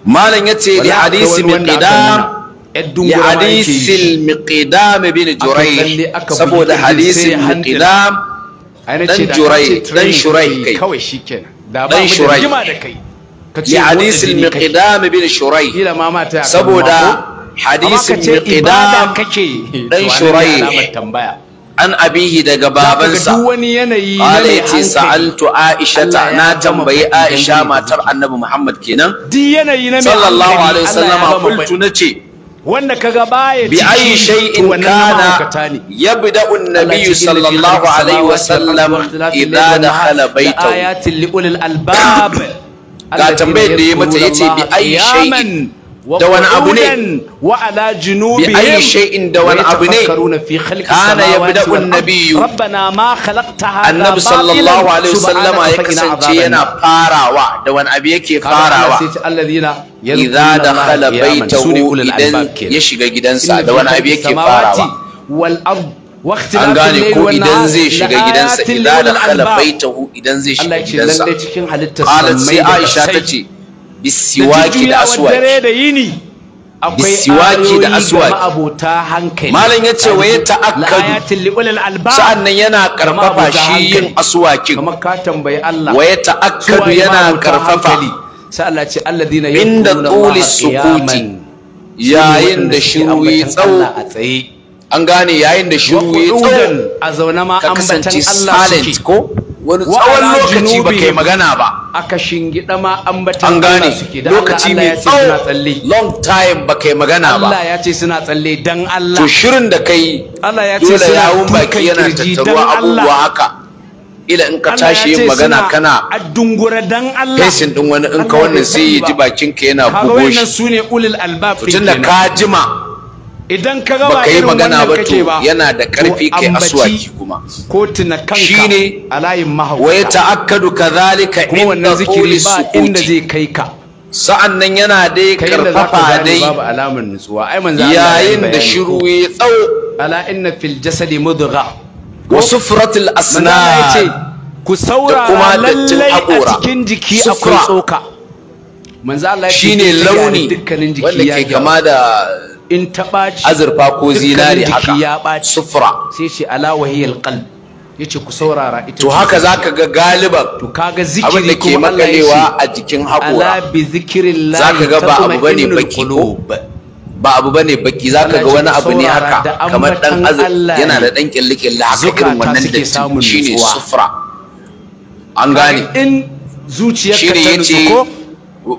malam ce li hadisi min qidam li hadisil miqdam bin shurai saboda hadisin miqdam dan shurai an abihi daga babansa ala ya ce aisha na tambayi aisha matar annabi muhammad kenan sallallahu alaihi wasallama kultu ce wanda kaga baya bi ayi shay'in kana yabda'u an-nabiy sallallahu alaihi wa idza dakhala baytahu ayatin li ulil albab ga tambayar da ya mata yace bi ayi shay'in da wani abu ne bi ayi shay'in da wani abu ne kana yabda'u an-nabiyyu annabi sallallahu alaihi wasallama ya kasance yana farawa da wani abu yake farawa idza dakhala baytahu idan ya shiga gidansa da wani abu yake farawa an gane ko idan zai shiga gidansa idan da khala baitahu idan zai shiga gidansa qalat sai aisha tace bisiwaki da aswaki bisiwaki da aswaki malam ya ce wa ya ta'akkadu sa'annan yana karfafa shi yin aswakin wa ya ta'akkadu yana karfafa inda tsoli sukuti yayin da shiru yi tsawo an gane yayin da shiru ya tsawo a zaune ma an batan Allah suke ko wani tsawon lokaci ba kai magana ba aka shingida ma an batan Allah suke dan lokaci suna tsalle long time ba kai magana ba Allah ya ce suna tsalle dan Allah to shirin da kai Allah ya ce suna yawun baki yana tattaruwa abubuwa haka ila in ka tashi yin magana kana addungura dan Allah pacing din wani in ka wannan sai ya ji bakin ka yana bugo shi kaga wannan sune ulul albab tunda ka jima idan ka ga ba kai magana ba to yana da karfi kai aswaki kuma ko tuna kanka shine alayin mahauta wa yata'akkadu kadhalika inda zikiri inda zai kai ka sa'an nan yana dai karfafa dai babu alamar nutsuwa ai manzo yayin da shiru ya tsawo ala inna fil jasadi mudgha wa sufratil asnan ku saurara lallai a cikin jiki akwai tsoka manzo Allah ya ce shine launi wanda ke kama da in ta ɓaci azurfa ko zinari haka ya ɓaci sufra sai ce ala wahiyal qalb yace ku saurara ita to haka zaka ga galiban to kaga zikiri kuma Allah ke makalewa a jikin hakora ala bi zikrillah zaka ga ba abu bane baki ko ba abu bane baki zaka ga wani abu ne haka kamar dan azur yana da dan kille kille haka irin wannan da shi ne sufra an gane in zuciyarka ta nutsu ko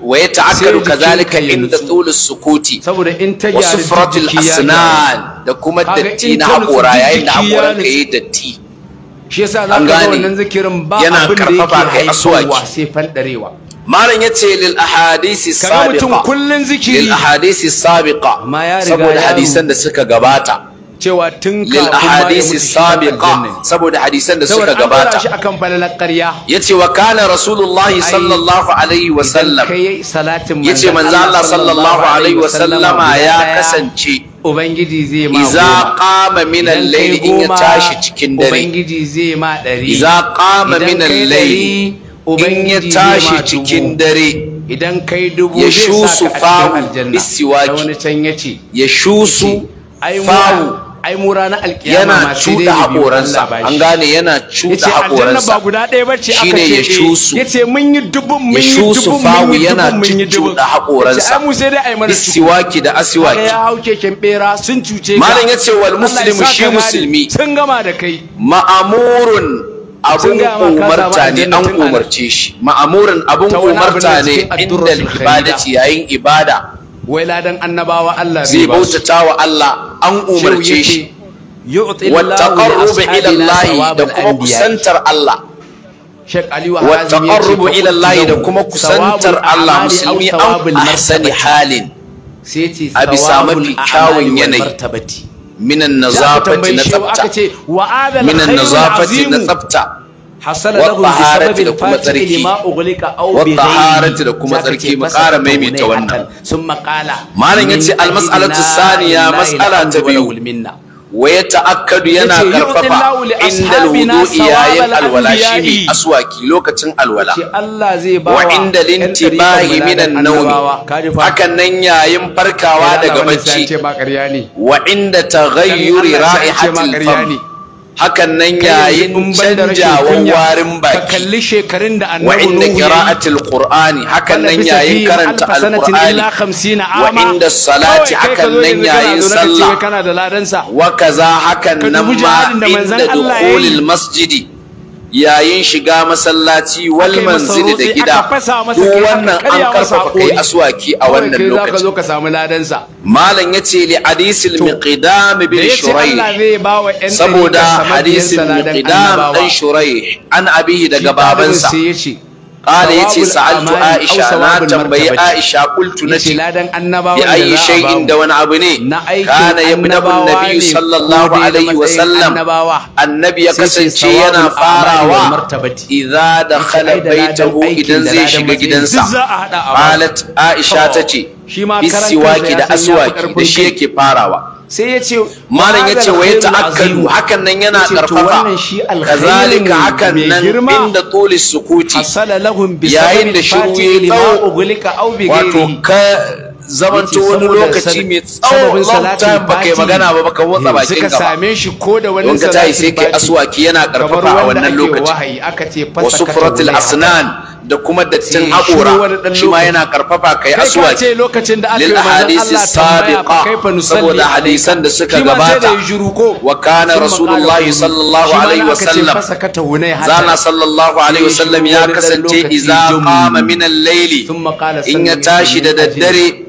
wa ya ta'akkaru kazalika inda tulus sukuti saboda in ta gyara sufratul asnan da kuma datti na hakora yayin da hakoran ka yi datti shi yasa za ka ga zikiri ahadisi saboda hadisan da suka gabata cewa tun kafin hadisi sabiqa saboda hadisan da suka gabata saboda akan falalar ƙarya yace wa kana rasulullahi sallallahu alaihi wa sallam yace manzo Allah sallallahu alaihi wa sallam ya kasance Ubangiji zai ma Iza qama min al-layli in ya tashi cikin dare Ubangiji zai ma dari Iza qama min al-layli in ya tashi cikin dare idan kai dubu ya shusu fawu bisiwaki ya shusu fawu ai mu ranar alkiyama ma sai dai yana cuda hakoransa an gane yana cuda hakoransa ba guda ɗaya bace aka ce ya shusu yace mun yi dubun mun yi dubun mun yi dubun mun yi dubun cuda hakoransa ai mu sai dai ai mana siwaki da asiwaki ya hauke kin bera sun cuce ka malam yace wal muslimu shi musulmi sun gama da kai ma'amurun abun umarta ne an umarce shi ma'amurin abun umarta ne inda ibadaci yayin ibada wai ladan annabawa Allah zai bautata wa Allah an umarce shi wattaqarrubu ila Allah da kuma kusantar Allah wattaqarrubu ila Allah da kuma kusantar Allah musulmi an ahsani halin a bisa mafi kyawun yanayi minan na tsafta minan nazafati na tsafta hasala lahu bi da kuma tsarki mu ƙara maimaita wannan sun maqala malam yace al mas'alatu saniya mas'ala ta biyu wa ya ta'akkadu yana karfafa inda alwudu'i yayin alwala shi ne aswaki lokacin alwala wa inda lintibahi minan nan yayin farkawa daga bacci wa inda hakan nan yayin canjawan warin baki wa inda qira'atul qur'ani hakan nan yayin karanta alqur'ani wa inda salati hakan nan yayin sallah wa kaza hakan nan ma inda dukhulil masjidi yayin shiga masallaci wal manzili da gida ko wannan an karfafa kai aswaki a wannan lokaci ka zo ka samu ladan sa malam yace li hadisil miqdam bin shuray saboda hadisin miqdam dan shuray an abihi daga babansa sai qala yace sa'altu aisha na tambayi aisha qultu nace ladan annabawa da ayi wani abu ne kana yabnabu nabi sallallahu alaihi wa sallam annabi ya kasance yana farawa idza dakhala baitahu idan zai shiga gidansa qalat aisha tace wake da aswaki da shi yake farawa sai ya ce malam ya ce waye ta'akkalu hakan nan yana karfafa kazalika hakan nan inda toli sukuti yayin da shiru ya tsawo wato ka zamanto wani lokaci mai tsawo long time ba kai magana ba baka motsa eh, bakin ka same shi ko sai kai aswaki yana karfafa a wannan lokaci wasu furatul asnan da kuma dattin eh, haƙora shi ma yana karfafa kai aswad lil ahadisi sabiqa saboda hadisan da suka gabata wa kana rasulullahi sallallahu alaihi wa sallam. zana sallallahu alaihi wa sallam ya kasance idza qama min al-layli in ya tashi da daddare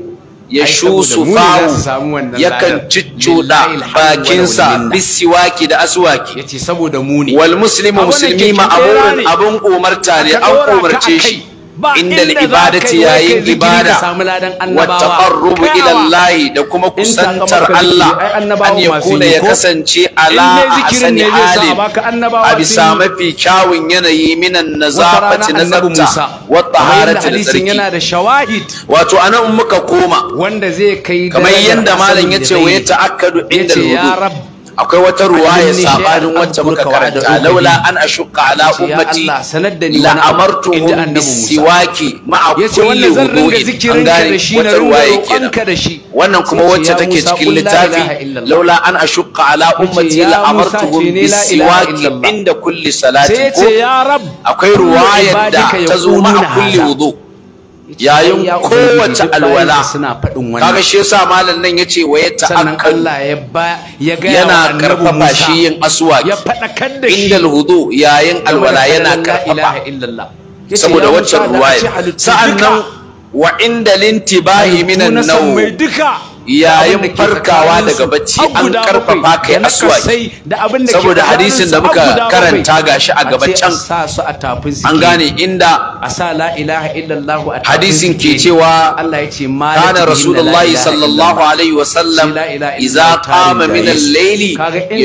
ya shusu fawo yakan ciccuda bakinsa bisiwaki da aswaki yace mu wal muslimu muslimi ma abun umarta ne an umarce shi inda ibadati yayin ibada wa taqarrubu ila Allah da kuma kusantar Allah an kuna ya kasance ala sani alim a bisa mafi kyawun yanayi minan nazafati na zabta wa taharati da tsarki wato anan muka koma wanda zai kai kamar yanda malam yace wa ya ta'akkadu inda al akwai wata ya sabanin wacce muka karanta laula an ashqa ala ummati la amartuhum bisiwaki ma'a kulli an gane wata kenan wannan kuma wacce take cikin littafi laula an ashqa ala ummati bisiwaki inda kulli salati ko akwai ruwa yadda ta zo ma'a kulli wudu' yayin kowace alwala kaga shi yasa malam nan yace wa ta akan yana karfafa shi yin aswaki ya da shi indal hudu yayin alwala yana karfafa saboda wancan ruwaya sa'annan wa inda lintibahi minan nawm yayin farkawa daga bacci an karfafa kai aswaki saboda hadisin da muka karanta gashi a gaba can an gane inda hadisin ke cewa kana rasulullahi sallallahu alaihi wasallam idza qama min al-layli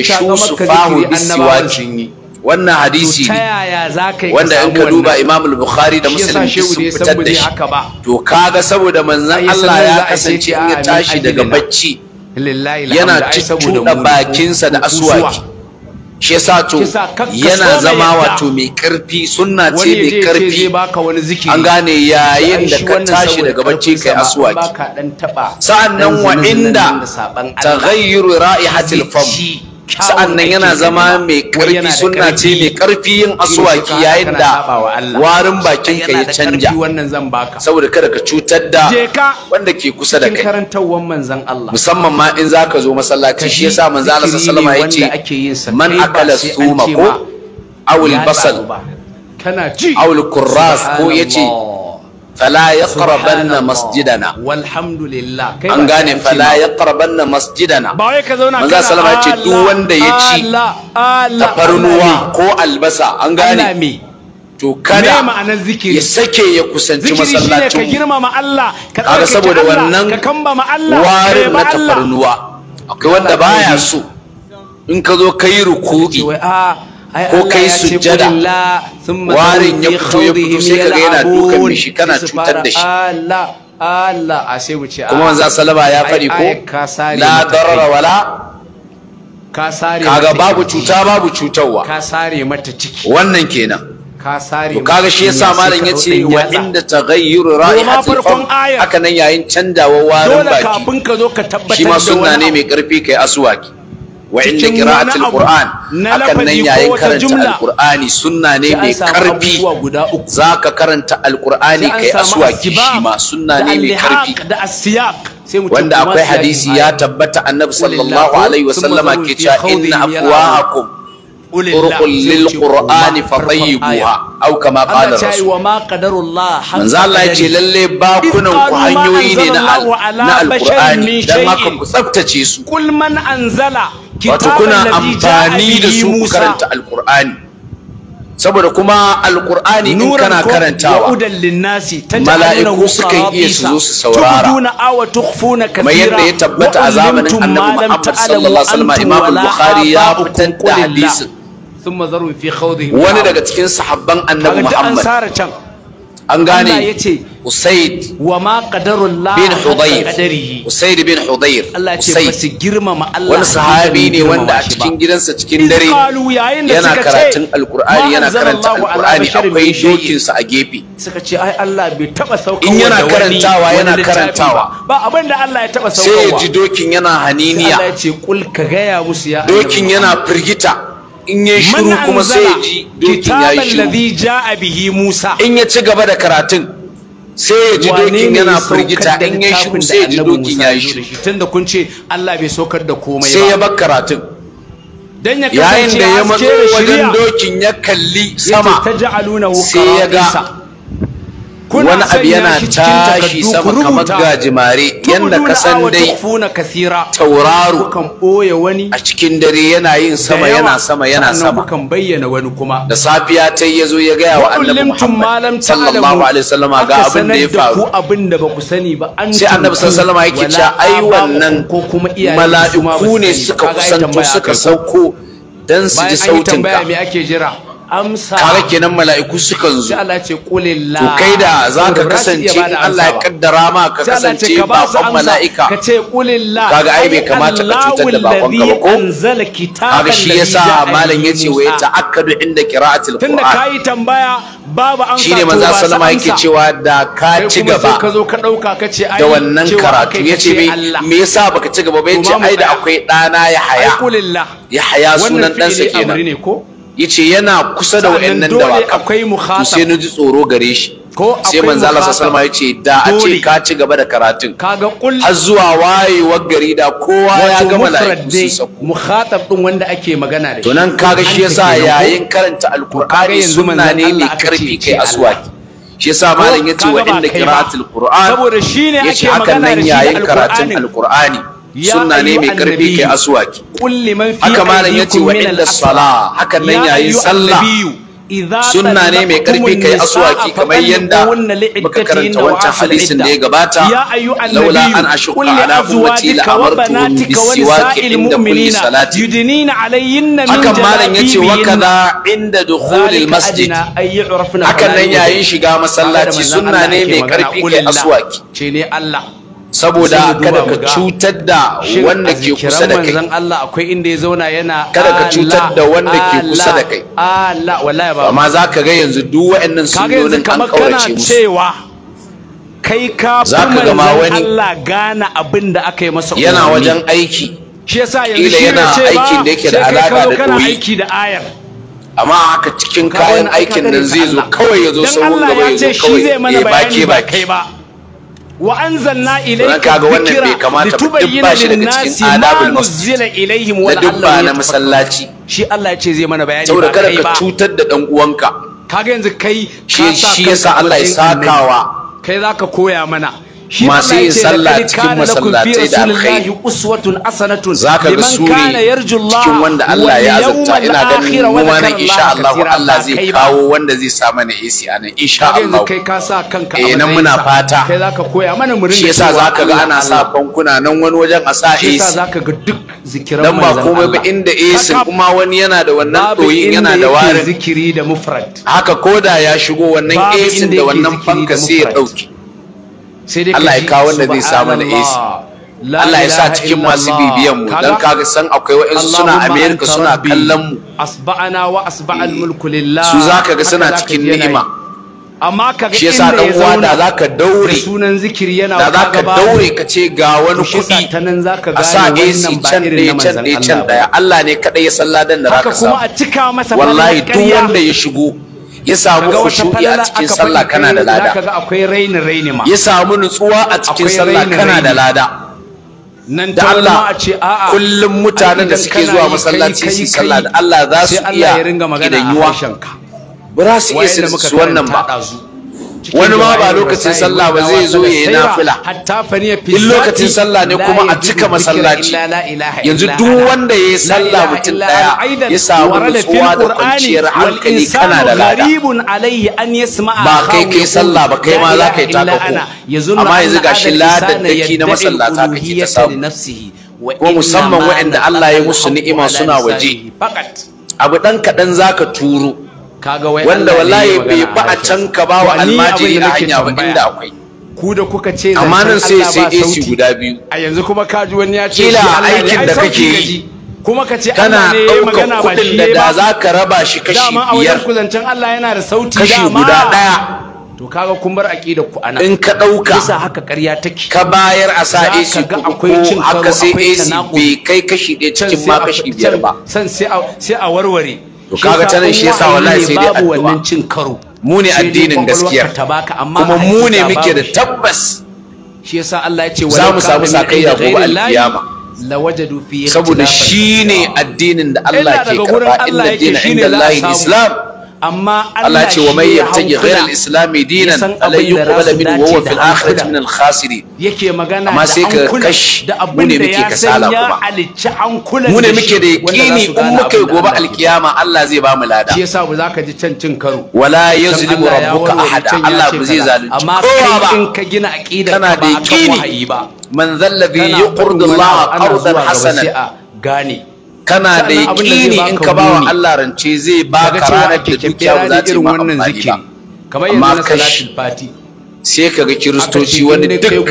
yashu sufahu bis-siwaki wannan hadisi ne wanda in ka duba imam al-bukhari da muslim sun fitar da shi to kaga saboda manzon Allah ya kasance in ya tashi daga bacci yana cuɗa bakinsa da asuwaki. shi yasa to yana zama wato mai karfi sunna ce mai karfi an gane yayin da ka tashi daga bacci kai asuwaki. sa'annan wa inda taghayyuru ra'ihatil fam sa'annan yana zama mai karfi suna ce mai karfi yin asuwaki yayin da warin bakin ka ya canja saboda kada ka cutar da wanda ke kusa da kai musamman ma in za ka zo masallaci shi yasa manzo Allah sallallahu alaihi wasallam ce, man akala suma ko awul basal awul kurras ko yace fala ya na masjidana walhamdulillah an gane fala ya na masjidana a salama ce duk wanda ya ci tafarnuwa ko albasa an gane to kada ya sake ya kusanci masallacin kaga saboda wannan warin na tafarnuwa akwai wanda baya so in ka zo ka yi ruku'i ko kai sujjada warin ya fito ya fito sai kaga yana dukan mishi kana cutar da shi Allah a sai wuce kuma manzo ah, salama ya fari ko la darara wala ka sare kaga babu cuta babu cutarwa ka sare mata ciki wannan kenan ka sare to kaga shi yasa malam yace wa inda taghayyuru ra'ihatil fam haka nan yayin canzawa warin baki dole kafin ka zo ka tabbatar da wannan shi ma sunna ne mai karfi kai asuwaki. wa inda al qur'an hakan nan yayin karanta Al-Qur'ani, sunna ne mai karfi zaka karanta Al-Qur'ani kai aswaki shi ma sunna ne mai karfi wanda akwai hadisi ya tabbata annabi sallallahu alaihi wasallama ke cewa inna afwahakum turuqul lil qur'ani fatayyibuha aw kama qala rasul manzo Allah ya ce lalle bakunan ku hanyoyi ne na al alqur'ani dan haka ku tsaftace su kul anzala wato kuna amfani da su karanta alkur'ani saboda kuma alkur'ani in kana karantawa mala'iku sukan iya su zo su saurara mai yadda ya tabbata a zamanin annabi Muhammad sallallahu alaihi Bukhari ya fitar da hadisin wani daga cikin sahabban annabi Muhammad an gane usaid wa ma qadarullah bin hudayr usaid bin hudayr Allah ce ba su girmama Allah wani sahabi ne wanda a cikin gidansa cikin dare yana karatun alqur'ani yana karanta alqur'ani akwai dokin sa a gefe suka ce ai Allah bai taba sauka in yana karantawa yana karantawa ba abin da Allah ya taba sauka sai ji dokin yana haniniya Allah ya ce kul ka gaya musu ya dokin yana firgita in ya shiru kuma sai ji dokin ya yi in ya ci gaba da karatun sai ya ji dokin yana firgita in ya shiru sai ya ji dokin ya yi kun ce Allah bai saukar da komai ba sai ya bar karatun yayin da ya matso wajen dokin ya kalli sama sai ya ga wani abu yana tashi sama kamar gajimare yadda ka san dai tauraro a cikin dare yana yin sama yana sama yana sama da safiya ta ya zo ya gaya wa annabi Muhammad sallallahu alaihi wasallam ga abin da ya faru sai annabi sallallahu alaihi wasallam yake cewa ai wannan mala'iku ne suka kusanto suka sauko dan su ji sautin ka. amsa kaga kenan mala'iku sukan zo Allah ce qulillah to kai da zaka kasance in Allah ya kaddara ma ka kasance baban mala'ika ka ce qulillah kaga ai bai kamata ka cutar da baban ka ba ko kaga shi yasa malam yace wa ta'akkadu inda qira'atil qur'an tunda kai tambaya babu amsa shine manzo sallama yake cewa da ka ci gaba ka zo ka dauka ka ce ai da wannan karatu yace me me yasa baka ci gaba ba yace ai da akwai dana ya haya qulillah ya haya sunan dan sa kenan yace yana kusa da wayannan dawaka akwai mukhatab sai na ji tsoro gare shi sai manzo Allah sallallahu alaihi yace da a ce ka ci gaba da karatun kaga kul har zuwa wayewar gari da kowa ya ga mala'iku su sako mukhatab din wanda ake magana da shi to nan kaga shi yasa yayin karanta alqur'ani sunna ne mai karfi kai aswaki shi yasa malam yace wa inda qira'atul qur'an saboda shine ake magana da shi yayin karatun alqur'ani sunna ne mai karfi ke asuwaki. haka malam yace wa inda sala hakan nan yayin sallah sunna ne mai karfi ke aswaki kamar yanda muka karanta wancan hadisin da ya gabata laula an ashqa ala ummati la amartu bisiwaki inda kulli salati hakan malam yace wa kaza inda dukhulil masjid hakan nan yayin shiga masallaci sunna ne mai karfi ke aswaki ce ne Allah saboda kada ka cutar da wanda ke kusa da kai Allah akwai inda ya zauna yana kada ka cutar da wanda ke kusa da kai Allah wallahi ba amma zaka ga yanzu duk waɗannan sunnonin an kawace musu cewa kai ka fi manzon Allah gana abin da aka yi masa yana wajen aiki shi yasa yanzu shi yana aikin da yake da alaka da kai aiki da ayar amma haka cikin kayan aikin nan zai zo kawai ya zo sauran gaba ya zo kawai ya eh, bake ba kai ba wa anzalna ilayka dhikra litubayyana lin-nasi ma nuzila ilayhim wa la'allahum na masallaci shi Allah ya ce zai mana bayani saboda kada ka cutar da dan uwanka kaga yanzu kai ka sa shi yasa Allah ya sakawa kai zaka koya mana masu yin sallah cikin masallatai da alkhairi za ka ga su ne cikin wanda Allah ya azabta ina ganin muma na nan insha Allah Allah zai kawo wanda zai sa mana AC a nan insha Allah kai eh nan muna fata shi yasa ka ga ana sa bankuna nan wani wajen a sa AC shi yasa ka ga duk zikiran dan ba komai ba inda AC kuma wani yana da wannan doyin yana da warin zikiri da mufrad haka koda ya shigo wannan AC da wannan fanka sai ya dauki Allah ya kawo wanda zai sa mana AC Allah ya sa cikin masu bibiyan mu dan kaga san akwai wa'ansu suna America suna kallon mu asba'ana wa asba'al eh, mulku lillah su zaka ga suna cikin ni'ima amma kaga shi yasa dan uwa da zaka daure sunan zikiri yana da zaka daure ka ce ga wani kuɗi ta nan zaka gane can ne can ne can daya. Allah ne kadai ya salladan da zaka sa wallahi duk wanda ya shigo ya samu khushu'i a cikin sallah kana da lada kaga akwai raini raini ma ya samu nutsuwa a cikin sallah kana da lada nan da Allah kullum mutanen da suke zuwa masallaci su sallah da Allah za su iya idan yiwa ba za su iya su wannan ba wani ma ba lokacin sallah ba zai zo ya yi nafila in lokacin sallah ne kuma a cika masallaci yanzu duk wanda ya yi sallah mutum daya ya samu nutsuwa da kwanciyar hankali kana da lada ba kai kai sallah ba kai ma za ka yi taka ko amma yanzu gashi ladan daki na masallata kake ta samu ko musamman wa'anda Allah ya musu ni'ima suna waje abu dan kaɗan ka turo kaga wai wanda wallahi bai ba a can ka ba wa almajiri a hanya ba inda akwai ku da kuka ce amma sai sai AC guda biyu a yanzu kuma ka ji wani ya ce kila aikin da kake yi kuma ka ce kana ne ya da da za ka raba shi kashi biyar dama a wajen kuzancen Allah yana da sauti kashi guda daya to kaga kun bar aqida ku ana in ka dauka bisa haka ƙarya take ka bayar a sa AC ga akwai cin haka sai AC bai kai kashi ɗaya cikin ma kashi biyar ba san sai a warware to kaga nan shi yasa wallahi sai dai addu'a. wannan cin karo mu ne addinin gaskiya kuma mu ne muke da tabbas shi yasa Allah ya ce za mu samu sakayya gobe alkiyama saboda shi ne addinin da Allah ke karba inda dinin inda Allah islam amma Allah ce wa mai yabtaji ghayra al-islam dinan alai yuqbala min wa huwa fil akhirati min al-khasirin yake magana amma sai ka kash mu ne muke kasala kuma mu ne muke da yaqini in muke gobe alkiyama Allah zai ba mu lada shi yasa ba zaka ji can cin karo wala yazlimu rabbuka ahada Allah ba zai zalunci amma kai in ka gina aqida kana da yaqini man zalladhi yuqridu Allah qardan hasanan gane kana da yaƙini in ka bawa Allah rance zai ba ka ranar da dukiya ba za ta yi ma amfani ba amma shi sai kaga kiristoci wani duk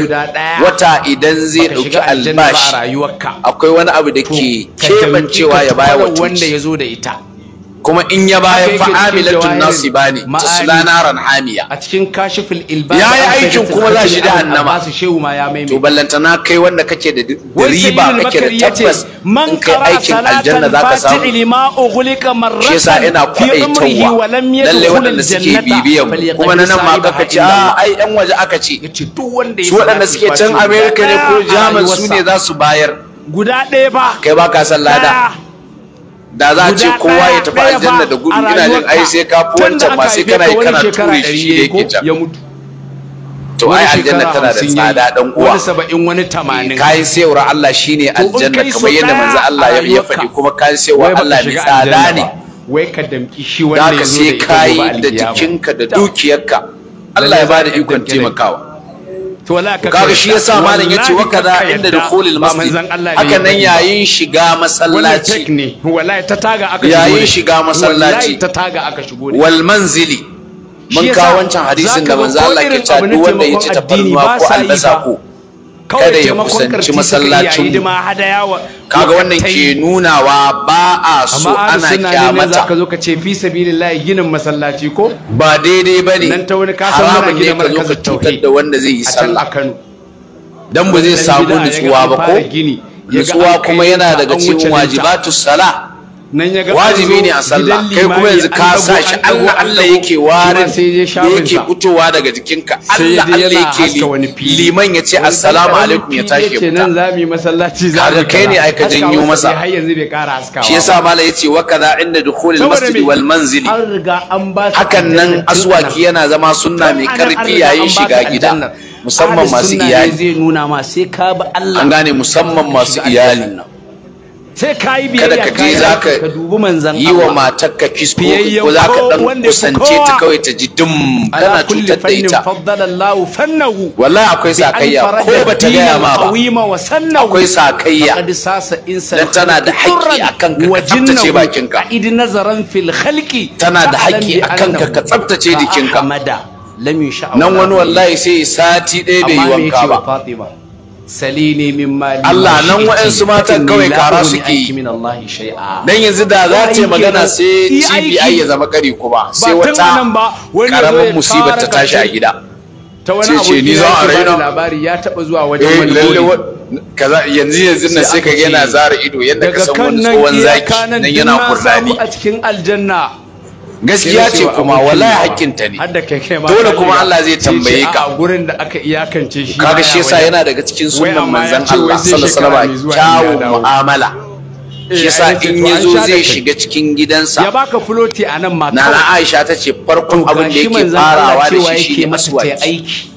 wata idan zai ɗauki albashi akwai wani abu da ke kebancewa ya baya wa wanda ya zo da ita kuma in ya bayar fa'amilatun nasi bani tusla naran hamiya a cikin ya yi aikin kuma za shi da annama. to na kai wanda kake da riba kake da tabbas in kai aikin aljanna zaka samu shi yasa ina kwaɗaitawa lalle waɗanda suke bibiyan kuma na nan ma kaka ce a ai yan waje aka ce su waɗanda suke can america ne ko jamus su ne za su bayar guda ɗaya ba kai ba ka san lada da za a ce kowa ya tafi aljanna da gudu ina jin ai sai ka fi wancan ma sai kana yi kana ture shi da yake can to ai aljanna tana da tsada dan uwa wani saba'in wani tamanin kayan sayarwa Allah shine aljanna kamar yadda manzo Allah ya faɗi kuma kayan sayarwa Allah mai tsada ne wai ka damki shi wanda ya da sai kayi da jikinka da dukiyarka Allah ya bada ikon taimakawa kaga shi yasa malam yace wa kaza inda dukhulil masjid haka nan yayin shiga masallaci yayin shiga masallaci wal manzili mun kawo wancan hadisin da manzo Allah ke cewa duk wanda yace tafarnuwa ko albasa ko kada ya kusanci masallacin mu kaga wannan ke nunawa ba a so ana kyamata amma zo ka ce fi sabilillahi ginin masallaci ko ba daidai bane nan ta wani ka san mana gina markazin tauhid da wanda zai yi sallah dan ba zai samu nutsuwa ba ko nutsuwa kuma yana daga cikin wajibatu salah wajibi ne a sallah kai kuma yanzu ka sa shi Allah Allah yake warin yake fitowa daga jikinka Allah Allah yake liman ya ce assalamu alaikum ya tashi ya fita ka kai ne ai ka janyo masa shi yasa mala yace wa kaza inda dukhulil masjid wal manzili hakan nan aswaki yana zama sunna mai karfi yayin shiga gida musamman masu iyali an gane musamman masu iyali nan sai ka yi biyayya kada ka je za ka dubi manzan yi wa matarka kisko ko za ka dan kusance ta kawai ta ji dum kana cutar da ita wallahi akwai sakayya ko ba ta gaya ma ba akwai sakayya dan tana da haƙƙi akan ka tsaftace bakinka tana da haƙƙi akan ka ka tsaftace jikinka nan wani wallahi sai sati ɗaya bai yi wanka ba salini min mali Allah nan wa'ansu matan kawai kara suke yi dan yanzu da za ta magana sai CBI ya zama kari kuma sai wata karamin musiba ta tashi a gida ta wani abu ni za a raina labari ya taba zuwa wajen eh, wani kaza yanzu yanzu nan sai ka ga yana zara ido yadda ka san wani tsohon zaki nan yana kurdani a cikin aljanna gaskiya ce kuma hakkin ta ne dole kuma Allah zai tambaye ka a gurin da aka iyakance shi kaga shi yasa yana daga cikin sunnan manzon Allah sallallahu alaihi wasallam kyawun mu'amala eh, shi yasa in yazo zai shiga cikin gidansa ya baka floti a nan ma na Aisha ta ce farkon abin da yake farawa da shi shi maswaki aiki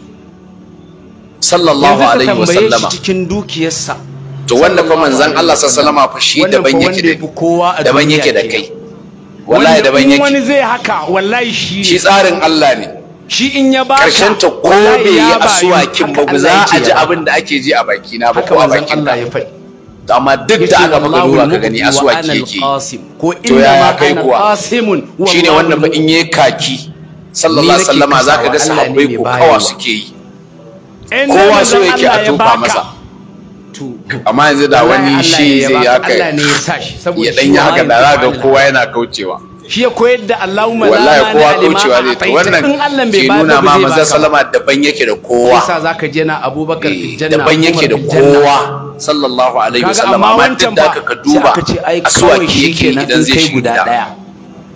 sallallahu alaihi wasallama cikin dukiyarsa to wanda fa manzon Allah sallallahu alaihi wasallama fa shi daban yake da daban yake da kai wallahi daban yake wani zai haka wallahi shi shi tsarin Allah ne shi in ya baka karshen ta ko bai yi asuwakin ba za a ji abin da ake ji a baki na ba ko a baki Allah ya faɗi amma duk da aka maka ruwa ka gani asuwaki yake ko inna ma kai kuwa shine wannan ba in yayi kaki sallallahu alaihi wasallama zaka ga sahabbai ko kawa suke yi eh, kowa so yake a tofa masa amma yanzu da wani shi zai haka ya sashi saboda ya danya haka da za ga kowa yana kaucewa shi ya koyar da Allahumma la ilaha illa anta kaucewa ne to wannan in Allah bai ba da ba manzo sallama daban yake da kowa yasa zaka je na Abubakar eh, janna daban yake da kowa sallallahu alaihi wasallam amma duk da ka duba a suwaki yake idan zai shi guda daya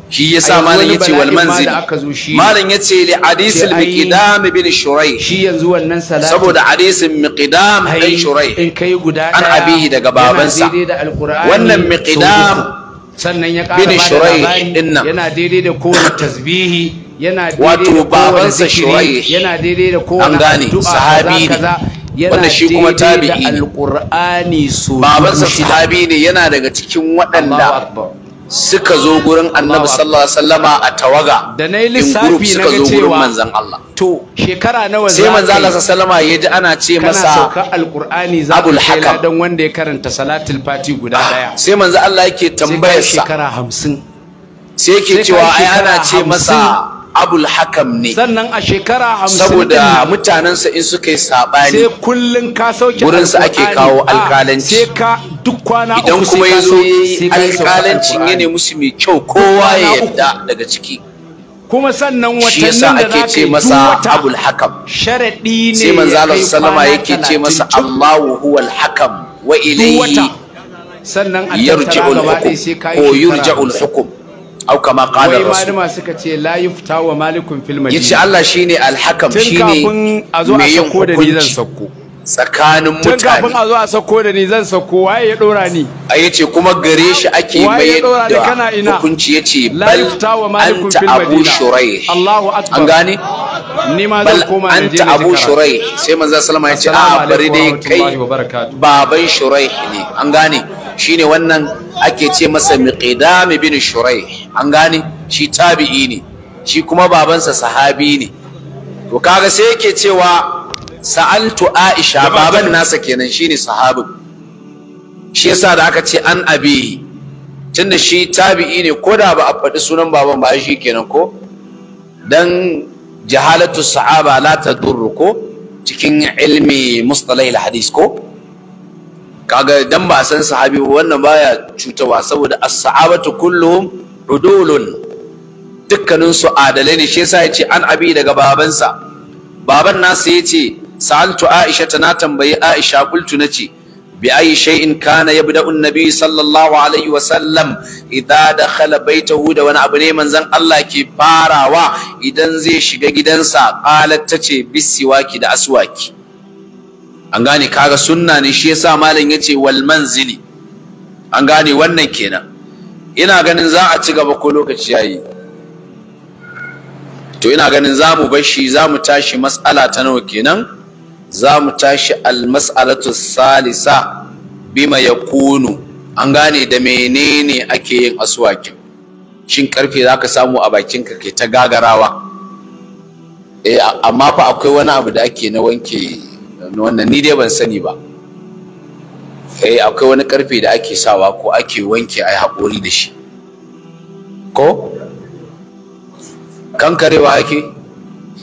shi yasa malam yace wal manzil malam yace li hadis al miqdam bin shuray shi yanzu wannan salati saboda hadisin miqdam bin shuray in kai guda an abihi daga babansa wannan miqdam sannan ya kara bin shuray dinnan yana daidai da kowa tasbihi yana daidai da babansa shuray yana daidai da kowa an gane sahabi ne wannan shi kuma tabi'i ne babansa sahabi ne yana daga cikin waɗanda suka zo gurin annabi sallallahu alaihi wasallama a tawaga da na yi lissafi na ga cewa manzan Allah to shekara nawa sai manzan Allah sallama ya ji ana ce masa kana sauka alqur'ani za ka hakam dan wanda ya karanta salatul fati guda ah, daya sai manzan Allah yake tambayar sa shekara 50 sai yake cewa ai ana ce masa abul hakam ne sannan a shekara hamsin saboda mutanensa in suka yi saɓani sai kullun ka sauke wurinsa ake kawo alkalanci sai ka duk kwana idan kuma ya zo alƙalancin ya ne musu mai kyau kowa ya yadda daga ciki kuma sannan watannin da ake ce masa abul hakam sharadi ne sai manzo sallama yake ce masa Allahu huwal hakam wa ilayhi sannan a sai ka yi yurja'ul hukum au kama qala rasul wai suka ce la yufta wa malikun fil madina yace Allah shine alhakam shine yin hukunci tsakanin mutane tun kafin a a sako da ni zan sako waye ya dora ni a yace kuma gare shi ake mai da hukunci yace bal an gane ni ma zan koma ne anta abu sai a ah, bari dai kai baban ne an gane shine wannan ake ce masa miqdam ibn shurai an gane shi tabi'i ne shi kuma babansa sahabi ne to kaga sai yake cewa sa'altu aisha baban nasa kenan shine sahabin shi yasa da aka ce an abi tunda shi tabi'i ne ko da ba a faɗi sunan baban ba shi kenan ko dan jahalatu sahaba la tadurru ko cikin ilmi mustalahil hadis ko kaga dan ba san sahabi wannan baya cutawa saboda as-sahabatu kulluhum udulun dukkaninsu adalai ne shi yasa ya ce an abi daga babansa baban nasa ya ce sa'altu aisha ta na tambayi aisha kultu na ce bi ayi shay'in kana yabda an-nabi sallallahu alaihi wa sallam idza dakhala baitahu da wani abu ne manzon Allah ke farawa idan zai shiga gidansa qalat tace bisiwaki da aswaki an gane kaga sunna ne shi yasa malam yace wal manzili an gane wannan kenan ina ganin za a ci gaba ko lokaci ya yi. to ina ganin za mu bashi za mu tashi mas'ala ta nawa kenan za mu tashi almas'alatu salisa bima yakunu an gane da menene ake yin aswakin shin karfe za ka samu a bakinka ke ta gagarawa eh, amma fa akwai wani abu da ake na wanke wannan ni dai ban sani ba eh akwai wani karfe da ake sawa ko ake wanke ai haƙori da shi ko kankarewa ake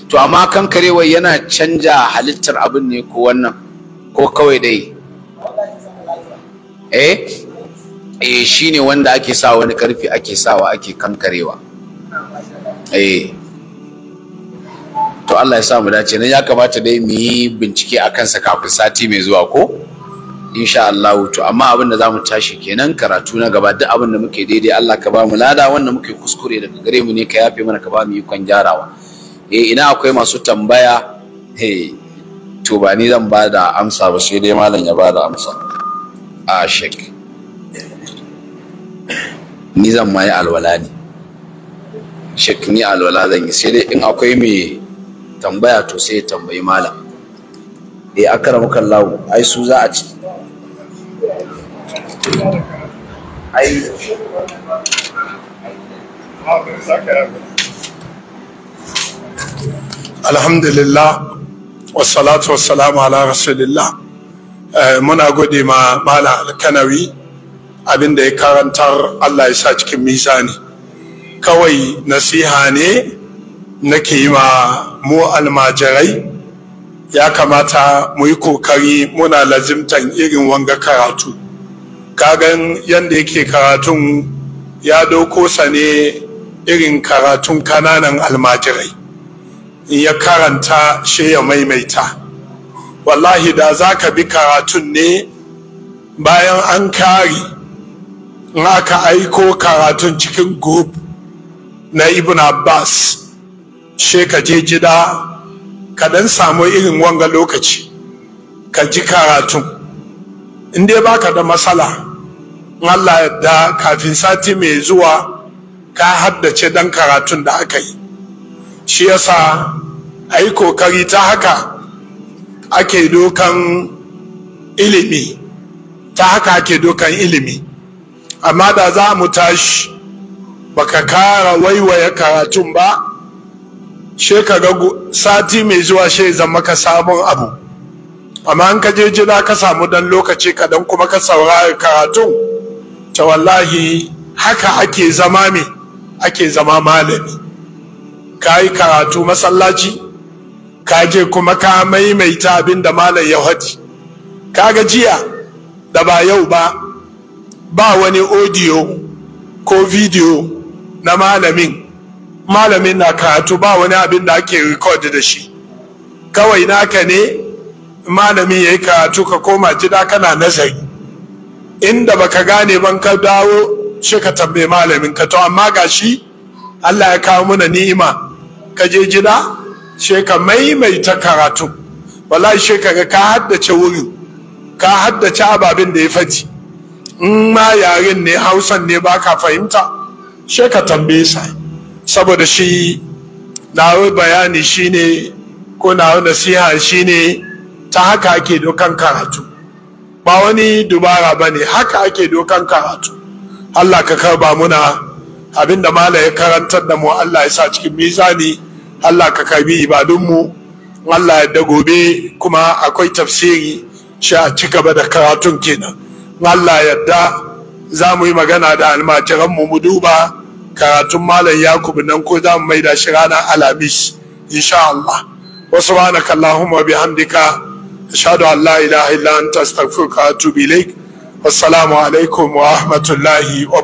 to amma kankarewa yana canja halittar abin ne ko wannan ko kawai dai eh eh shine wanda ake sa wani karfe ake sawa ake kankarewa eh to Allah ya sa mu dace nan ya kamata dai mu yi bincike akan sa kafin sati mai zuwa ko insha Allah to amma abin da zamu tashi kenan karatu na gaba duk abin da muke daidai Allah ka ba mu lada wanda muke kuskure daga gare mu ne ka yafe mana ka ba mu ikon gyarawa eh ina akwai masu tambaya eh to ba ni zan ba da amsa ba sai dai malam ya ba da amsa a shek ni zan mai alwala ne shek ni alwala zan yi sai dai in akwai mai tambaya to sai ya tambayi malam eh akramukallahu ai su za a ci ai alhamdulillah wassalatu wassalamu ala rasulillah eh, muna gode ma mala alkanawi da ya karantar allah ya sa cikin mizani kawai nasiha ne nake yi ma mu almajirai ya kamata mu yi kokari muna lazimtan irin wanga karatu kagan yadda yake karatun ya dauko sa ne irin karatun kananan almajirai in ya karanta shi ya maimaita wallahi da za ka bi karatun ne bayan an kari in aka aiko karatun cikin group na ibn abbas she ka je gida ka dan samu irin wanga lokaci ka ji karatun in dai baka da matsala Allah da kafin sati mai zuwa ka haddace dan karatun da aka yi shi yasa a yi kokari ta haka ake dokan ilimi ta haka ake dokan ilimi amma da za mu tashi baka kara waiwaye karatun ba she ka ga sati mai zuwa she zama ka sabon abu amma an ka je jira ka samu dan lokaci kadan kuma ka saurari karatun ta wallahi haka ake zama me ake zama malami ka yi karatu masallaci ka je kuma ka maimaita abin da malam ya haji ka ga jiya da ba yau ba ba wani audio ko video na malamin malamin na karatu ba wani abin da ake record da shi kawai naka ne malami ya yi karatu ka koma jida kana nazari inda baka gane ban ka dawo shi ka tambaye malamin ka to amma gashi Allah ya kawo mana ni'ima ka je gida she ka maimaita karatu wallahi shekara ga ka haddace wuri ka haddace ababen da ya faji in ma yaren ne hausan ne ba ka fahimta she ka tambaye sa saboda shi nawa bayani shine ko nawa nasiha shine ta haka ake dokan karatu ba wani dubara ba ne haka ake dokan karatu allah ka karba muna abinda mala ya karantar da mu allah ya sa cikin mizani allah ka karbi ibadunmu allah ya da gobe kuma akwai tafsiri shi a ci gaba da karatun kenan allah yarda za mu yi magana da almajiranmu mu duba karatun malam yakub nan ko za mu da shi ranar alhamis insha allah wasu ranakallahumma bihamdika أشهد أن لا إله إلا أنت أستغفرك وأتوب إليك والسلام عليكم ورحمة الله وبركاته